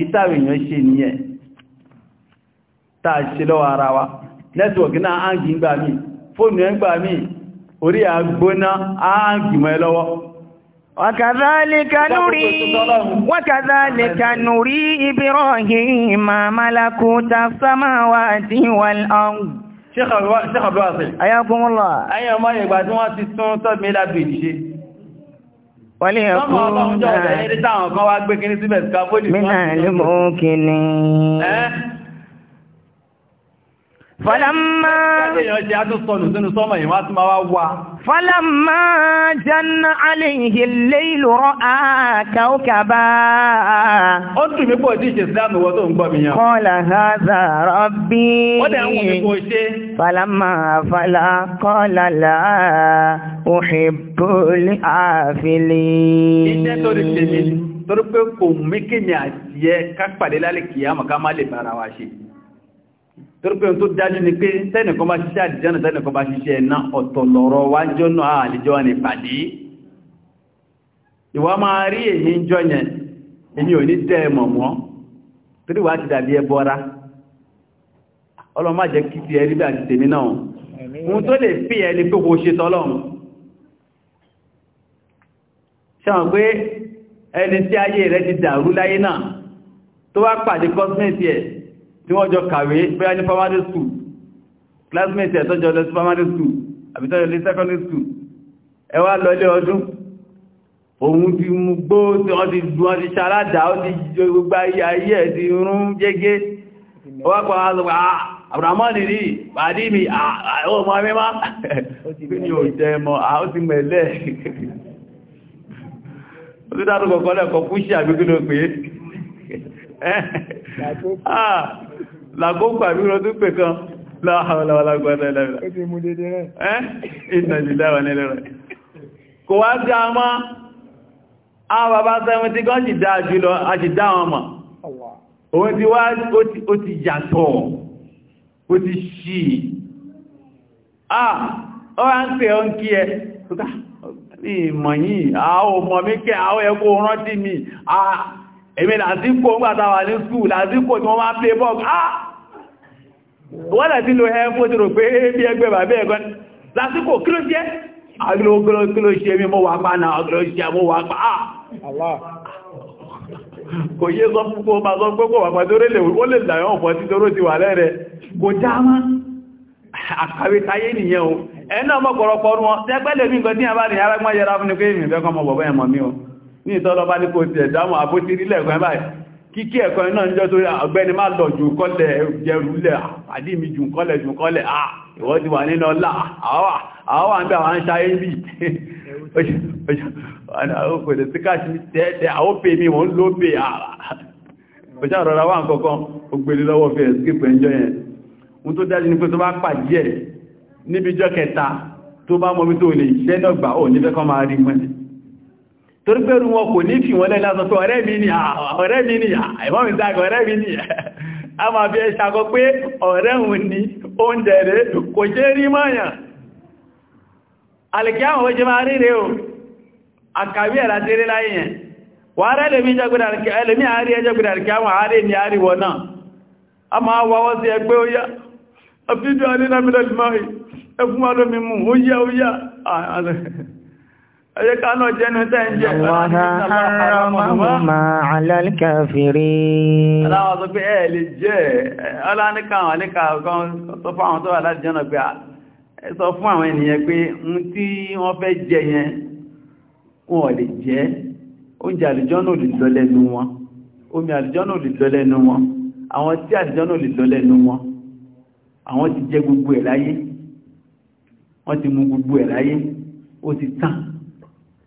ìtàwé èèyàn ṣe nìyẹn tàà ṣe lọ́wọ́ ara wa nẹ́tíwọ̀kì náà áǹgì ń gbà mí fóònù ẹ̀ ń gbà mí orí àgbóná áǹgì mọ́ ẹ lọ́wọ́ وكذلك نري وكذلك نري إبراهيم ملكوت السماوات والأرض شيخ أبو واصل أياكم الله أيها ما يبعد ما تستنطب إلى بيجي Wọ́lé ẹ̀kú náà. Ọmọ ọlọ́run jọ́ Fọ́lámá jẹ́ àtúnsọ̀nù sínú sọ́mọ̀ ìwá tí máa wá. Fọ́lámá janna alayhi al-laylu ra'a kawkaba. Ó dùn mí pọ̀ tí ìṣẹ́ ìsìlámù wọ́n mi yàn. Qala hadha rabbi. Ó dẹ̀ ń wù mí kò la uhibbul afilin. Iṣẹ́ tó rí tèmi, torí pé ni àti ẹ ká pàdé lálẹ́ kìí àmọ̀ wa ṣe torípé tó dájú ni pé tẹ́nìkan bá ṣiṣẹ́ àdìjọ́nà tẹ́nìkan bá ṣiṣẹ́ ẹ̀nà ọ̀tọ̀lọ̀rọ̀ wájọ́ náà àdìjọ́ ni pàdé ìwà máa rí èyí jọ yẹn èyí ò ní tẹ́ ẹmọ̀ mọ́ torí wà ti dàbí ẹbọ́ra ọlọ́mà jẹ́ kí ti ẹrí bí àti tèmi náà ohun tó lè fi ẹni pé kò ṣe tọ́lọ́run tí wọ́n jọ kàwé bóyá ní primary school Classmates ẹ̀ tọ́jọ lọ sí primary school àbí tọ́jọ lé secondary school ẹ wá lọ ilé ọdún òun ti mú gbó tí wọ́n ti dùn ọ́ ti ṣaláda ó ti gbogbo ayé ẹ̀ ti rún jẹ́gẹ́ ó wá pa àzọ̀gbà àbùràmọ́nì rí pàdí mi àwọn ọmọ mímá kí ni ò jẹ mọ́ àwọn ti mẹ̀lẹ́ ó ti dárúkọ̀ kọ́lẹ̀ kọ́ fún ṣe àgbégbé ló pé làgbógbà míràn tó pè kan láàrínláwàlágbàdàlẹ́rẹ̀ Òun ti wá ó ti yàtọ̀, ó ti ṣì. Ah, ó wá ń pè ọ ń kí ẹ, ṣùgbà, ní ìmọ̀ yìí, àwọn ọmọ mi kẹ́ àwọn ẹkùn rántí mi, ah, èmi làzíkò ń gbàtàwà ní skúù làzíkò tí wọ́n máa play ball ah wọ́n lẹ̀ sí lo ẹ fó ti rò pé eh, bí ẹgbẹ́ bàbẹ́ ẹ̀kọ́ làzíkò kí ló jẹ́ agbẹ́lógún kí ló ṣe mi mọ́ wà pa náà agbẹ́lógún mọ́ wà pa ah kò yé sọ fún kó bá sọ pé kó wà pa tó rélè ó lè dàyàn ọ̀pọ̀ tí toró ti wà lẹ́rẹ̀ kò já má àkàwé táyé nìyẹn o ẹ̀nà ọmọkọ̀rọ̀pọ̀ ọdún wọn tẹ́gbẹ́lẹ̀ mi nǹkan tí a bá rí arágbọ́n yẹra fún ní pé èmì ìfẹ́kọ́ ọmọ bọ̀bọ̀ ẹ̀mọ̀ mi o ní ìtọ́lọ́bá ní kò ti ẹ̀dámọ̀ àbótírí lẹ́ẹ̀kan báyìí kíkí ẹ̀kan náà ń jọ tó ọgbẹ́ni má lọ jù kọ́lẹ̀ jẹrúlẹ̀ àdími jù kọ́lẹ̀ jù kọ́lẹ̀ à ah, ìwọ́dí wà nínú ọlá àwọ́wà ń bẹ́ àwọn ṣáyé bí òkòdè tí káṣí tẹ́ẹ̀tẹ́ àwọ́pè mi wọ́n ló pè àrà òṣà rọra wà nǹkankan ògbèrè lọ́wọ́ fi ẹ̀sìkìpẹ̀ ń jọ yẹn ohun tó dájú ní pé tó bá pàdé ẹ̀ níbi jọ́ kẹta tó bá mọ́bí tó lè ṣẹ́ náà gbà ó nífẹ́ kan máa rí mọ́ni torí pẹ́rù wọn kò ní fi wọn lẹ́nà sọ pé ọ̀rẹ́ mi ni ah, ọ̀rẹ́ mi ni ìmọ́mí ah, sáàkì ọ̀rẹ́ mi ni a máa fi ẹṣàkọ pé ọ̀rẹ́ òun ni oúnjẹ rẹ̀ kò ṣe rí mọ́yàn alìkí àwọn oúnjẹ máa rí rẹ̀ o àkàwí ẹ̀rà ti rí láyé yẹn wà á rẹ̀ lèmi ẹjọ́ Ẹyẹ ká náà jẹ́ ní tẹ́ǹjẹ́. Wọ́n hàrámọ̀ ala al-kafirin. Aláwọ̀ sọ pé ẹ lè jẹ́ ọlá ní káwọn alẹ́kà kan sọ fún àwọn tó wà láti jẹ́nà pé sọ fún àwọn ènìyàn pé ń tí wọ́n fẹ́ jẹ yẹn, wọn lè jẹ́ oúnjẹ àlùjọ́nà ò lè lọ lẹ́nu wọn, omi àlùjọ́nà ò lè lọ lẹ́nu wọn, àwọn tí àlùjọ́nà ò lè lọ lẹ́nu wọn, àwọn ti jẹ gbogbo ẹ̀ láyé, wọ́n ti mu gbogbo ẹ̀ láyé, ó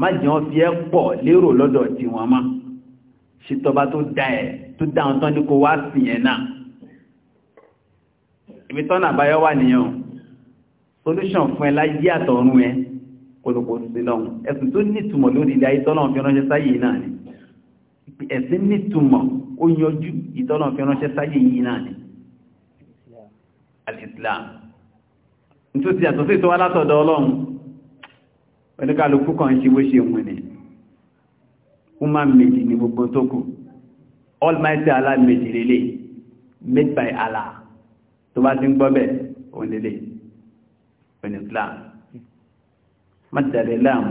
má jẹ́ wọn fi ẹ́ pọ̀ lérò lọ́dọ̀ tí wọn mọ́ ṣètọba tó dá ẹ̀ tó dá wọn tán ní kó wá sí yẹn náà ibi tọ́nà àbáyọ wà nìyàn solution fún ẹ láyé àtọ̀run ẹ kòtòkò sí lọ́hùn ẹ̀sùn tó nítumọ̀ lórí ilé ayé tọ́nà fi ránṣẹ́ sáyé náà ni ẹ̀sìn nítumọ̀ ó yanjú ìtọ́nà fi ránṣẹ́ sáyé yìí náà ni al-Islam nítorí àtọ̀sí ìtọ́wálátọ̀dọ̀ ọlọ́run oníkàlùkù kan ṣe wéṣe wọn ni human made ni gbogbo tó kù almighty allah made lele made by allah tó bá ti ń gbọ́ bẹ́ẹ̀ òun lele òun islam má dàrí láàmú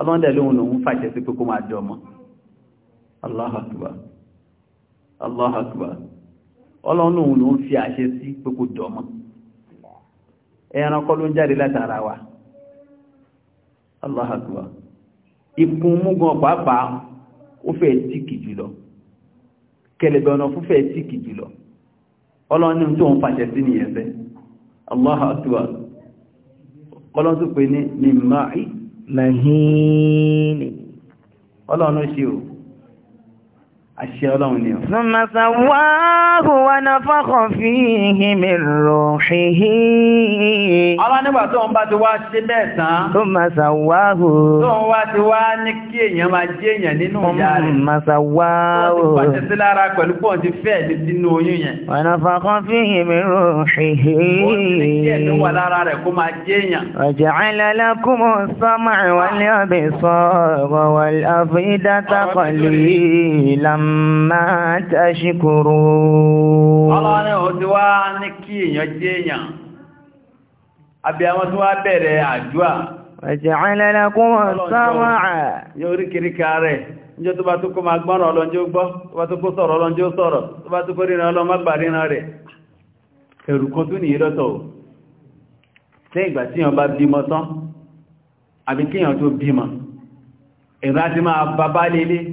ọlọ́ndẹ̀ lóhun lòun fàṣẹ sí pé kó máa jọ ọmọ Allah Akbar ọlọ́run lòun lòun fi àṣẹ sí pé kó jọ ọmọ ẹranko ló ń jáde látara wa Allah ikun múgan ó fẹ́ tíkì jùlọ kẹlẹ̀bẹ̀ ọ̀nà fún fẹ́ tíkì jùlọ ọlọ́run مهين ọlọ́run ṣe o àṣẹ ọlọ́run ni ọ̀. Mọ̀mọ̀sà wá hùwà náà fọ́kàn fi ìhìnmì rọ̀ ṣìhì. Ọlá nígbà tó ń bá ti wá ṣe bẹ́ẹ̀ tán. Mọ̀mọ̀sà wá hù. Tó ń wá ti wá ní kí èèyàn máa jẹ́ èèyàn nínú ìyá rẹ̀. Mọ̀mọ̀sà wá hù. Wọ́n ti pàṣẹ sí lára pẹ̀lú pọ̀ ti fẹ́ nínú oyún yẹn. Wọ̀nà fọ́kàn fi ìhìnmì rọ̀ ṣìhì. Wọ́n ti kí ẹ̀ ló wà lára rẹ̀ kó máa jẹ́ èèyàn. Ọ̀jẹ̀ máa tàṣí kúrò. ọlọ́ni ò ti wá ní kí èyàn jẹ́ èèyàn àwọn tó wá bẹ̀rẹ̀ àdúà ẹ̀jẹ̀rẹ̀lẹ́lẹ́kún ọ̀sánwà rẹ̀ níjọ́ tó bá tó kó gbọ́nà ọlọ́njọ́ gbọ́ tó bá tó kó sọ̀rọ̀ ọlọ́njọ́ sọ̀rọ̀ tó bá tó kó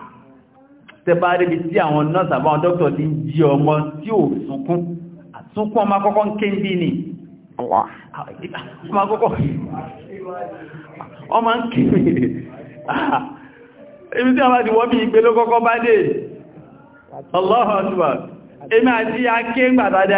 tẹba ríbi tí àwọn nọ́ọ̀sì àbáwọn dókítà ti ń jí ọmọ tí ò sunkún àtúnkún ọmọ akọ́kọ́ ń ké ń bí ni ọmọ akọ́kọ́ ọmọ ń ké ibi tí a bá ti wọ́n bí ìgbé ló kọ́kọ́ bá dé ọlọ́run ọdúnwà èmi àti aké gbàtàdé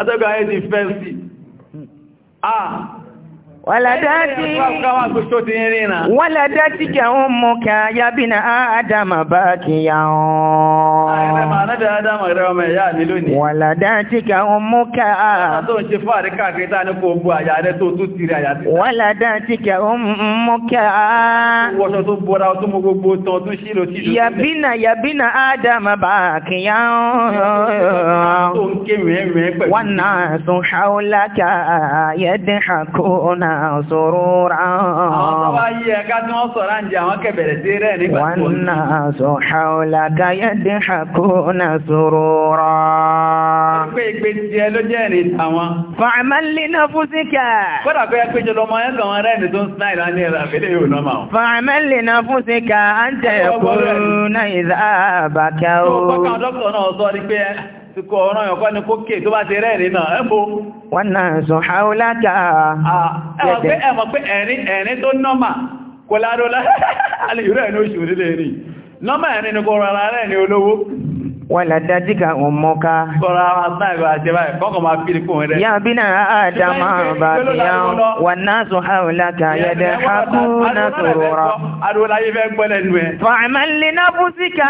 atẹ́gbẹ̀ ayé ti fẹ́ sí ah Wàlàdá tí kẹ ń mú kẹ ayábí na Ádámà bá kí ya ọ̀n. Wàlàdá tí kẹ ń mú kẹ Wàlàdá tí kẹ ń mú kẹ Wọ́ṣọ́ tó bọ́ra ọtún mú gbogbo tán tún ṣílò sílò. Yàbínà yàbínà Ádámà bá kí ya ọ̀n. Wọ́n náà tún ṣáúlákà yẹ́dẹ́ àkóónà. سرورا والناس حولك يضحكون سرورا فاعمل لنفسك فاعمل لنفسك أن تكون إذا بكوا àsìkò ọ̀ràn ẹ̀kọ́ ni kó kè tó bá ti rẹ́rìn náà ẹ́bò wọ́n náà sọ haúláta ẹ̀mọ̀ pé ẹ̀rin tó nọ́mà kò láró láàrín ìrẹ́ ní oṣù nílé rí nọ́mà ẹ̀rin ni kò rọrọ̀ rẹ̀ ní olówó wọ́n lè dájí ka ń mọ́ ká. Sọ́ra àtàrà ìwà àti ẹ̀bá ìkọ́kọ̀ máa fi ìkún rẹ̀. Yà bí náà àdàmà bá bí yàn wà náà sọ àwòlá ká yẹ̀dẹ̀ àkú náà sọ̀rọ̀ rọ̀. Adúlá yìí fẹ́ gbọ́lẹ̀ nù ẹ̀. Fàmà lè ná bú sí ká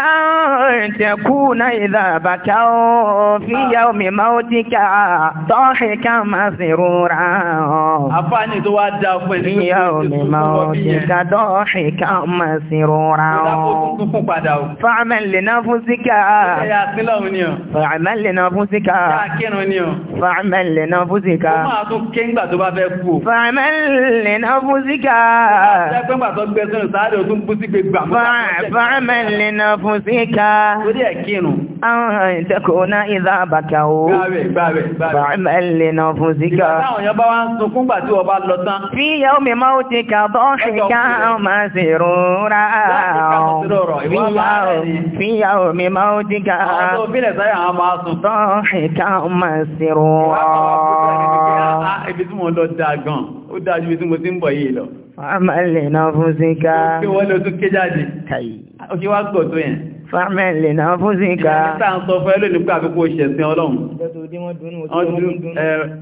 tẹ̀kú náà ìdá bàtà ó fi ah. yà omi máa ó ti ká tọ́ọ̀hì ká máa sì rúra. Àfáàní tó wá da fún ẹ̀ nínú ìfúnpọ̀ bí yẹn. Fàmà lè ná bú sí ká. Yáyá sílọ́hun ni ọ̀. Fàmẹ́lì náà fún síká. Yá kírun ni ọ̀. Fàmẹ́lì náà fún síká. Ó máa tún ké ńgbà tó bá fẹ́ kú. Fàmẹ́lì náà fún síká. Ṣé pé ńgbà tó gbẹ sínú sáré o tún bú sí gbé gbà. Fàmẹ́lì náà fún síká. Torí ẹ̀ kírun. Àwọn ìtẹ́kọ̀ọ́ náà ìdá àbàkà o. Gbàbẹ̀ gbàbẹ̀ gbàbẹ̀. Fàmẹ́lì náà fún síká. Ìgbà táwọn Àwọn òbílẹ̀ sáyà àwọn máa sùn. Tọ́ọ̀hìká máa sírò Ibi tí mo lọ dáa gan, ó dáa ju ibi tí mo ti ń bọ̀ yìí lọ. Fámẹ́lì náà fún síká. Kí wọ́n lọ tún ké jáde. Kàyí. Ó kí wá gbọ̀ tó yẹn. Fámẹ́lì náà fún síká. Ìjọba ń sọ fún ẹlòmí pé àkókò ìṣẹ̀sìn Ọlọ́run.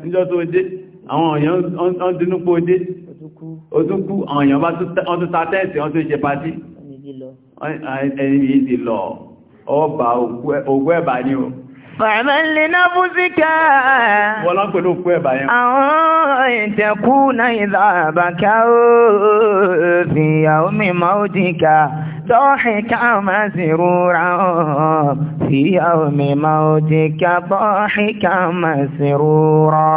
Ìjọ tó dé, àwọn ọba òkú ẹ̀bà ni o. Fàmílì náà fún síkà. Wọ́n lọ ń pè lóòkú ẹ̀bà yẹn. Àwọn ìtẹ̀kù náà ìdá àbàkà òfin ìyàwó mi máa ó dìkà. ضاحكا مسرورا في يوم موتك ضاحكا مسرورا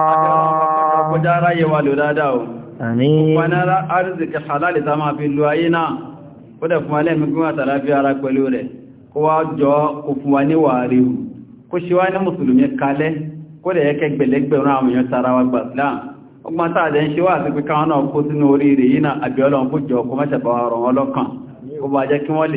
kọjára yẹ wa lò dáadáa o. Àmín. Ó fún alẹ́ mi gún àtàrà bí ara pẹ̀lú rẹ̀ kó wá jọ kó fún wa níwà ríru kó ṣe wá ní mùsùlùmí kalẹ́ kó lè yẹ́kẹ́ gbẹ̀lẹ́gbẹ̀rún àwọn èèyàn tara wa gbà Islam ọgbọ́n tààdẹ̀ ń ṣe wá àti pé káwọn náà kó sínú oríire yìí náà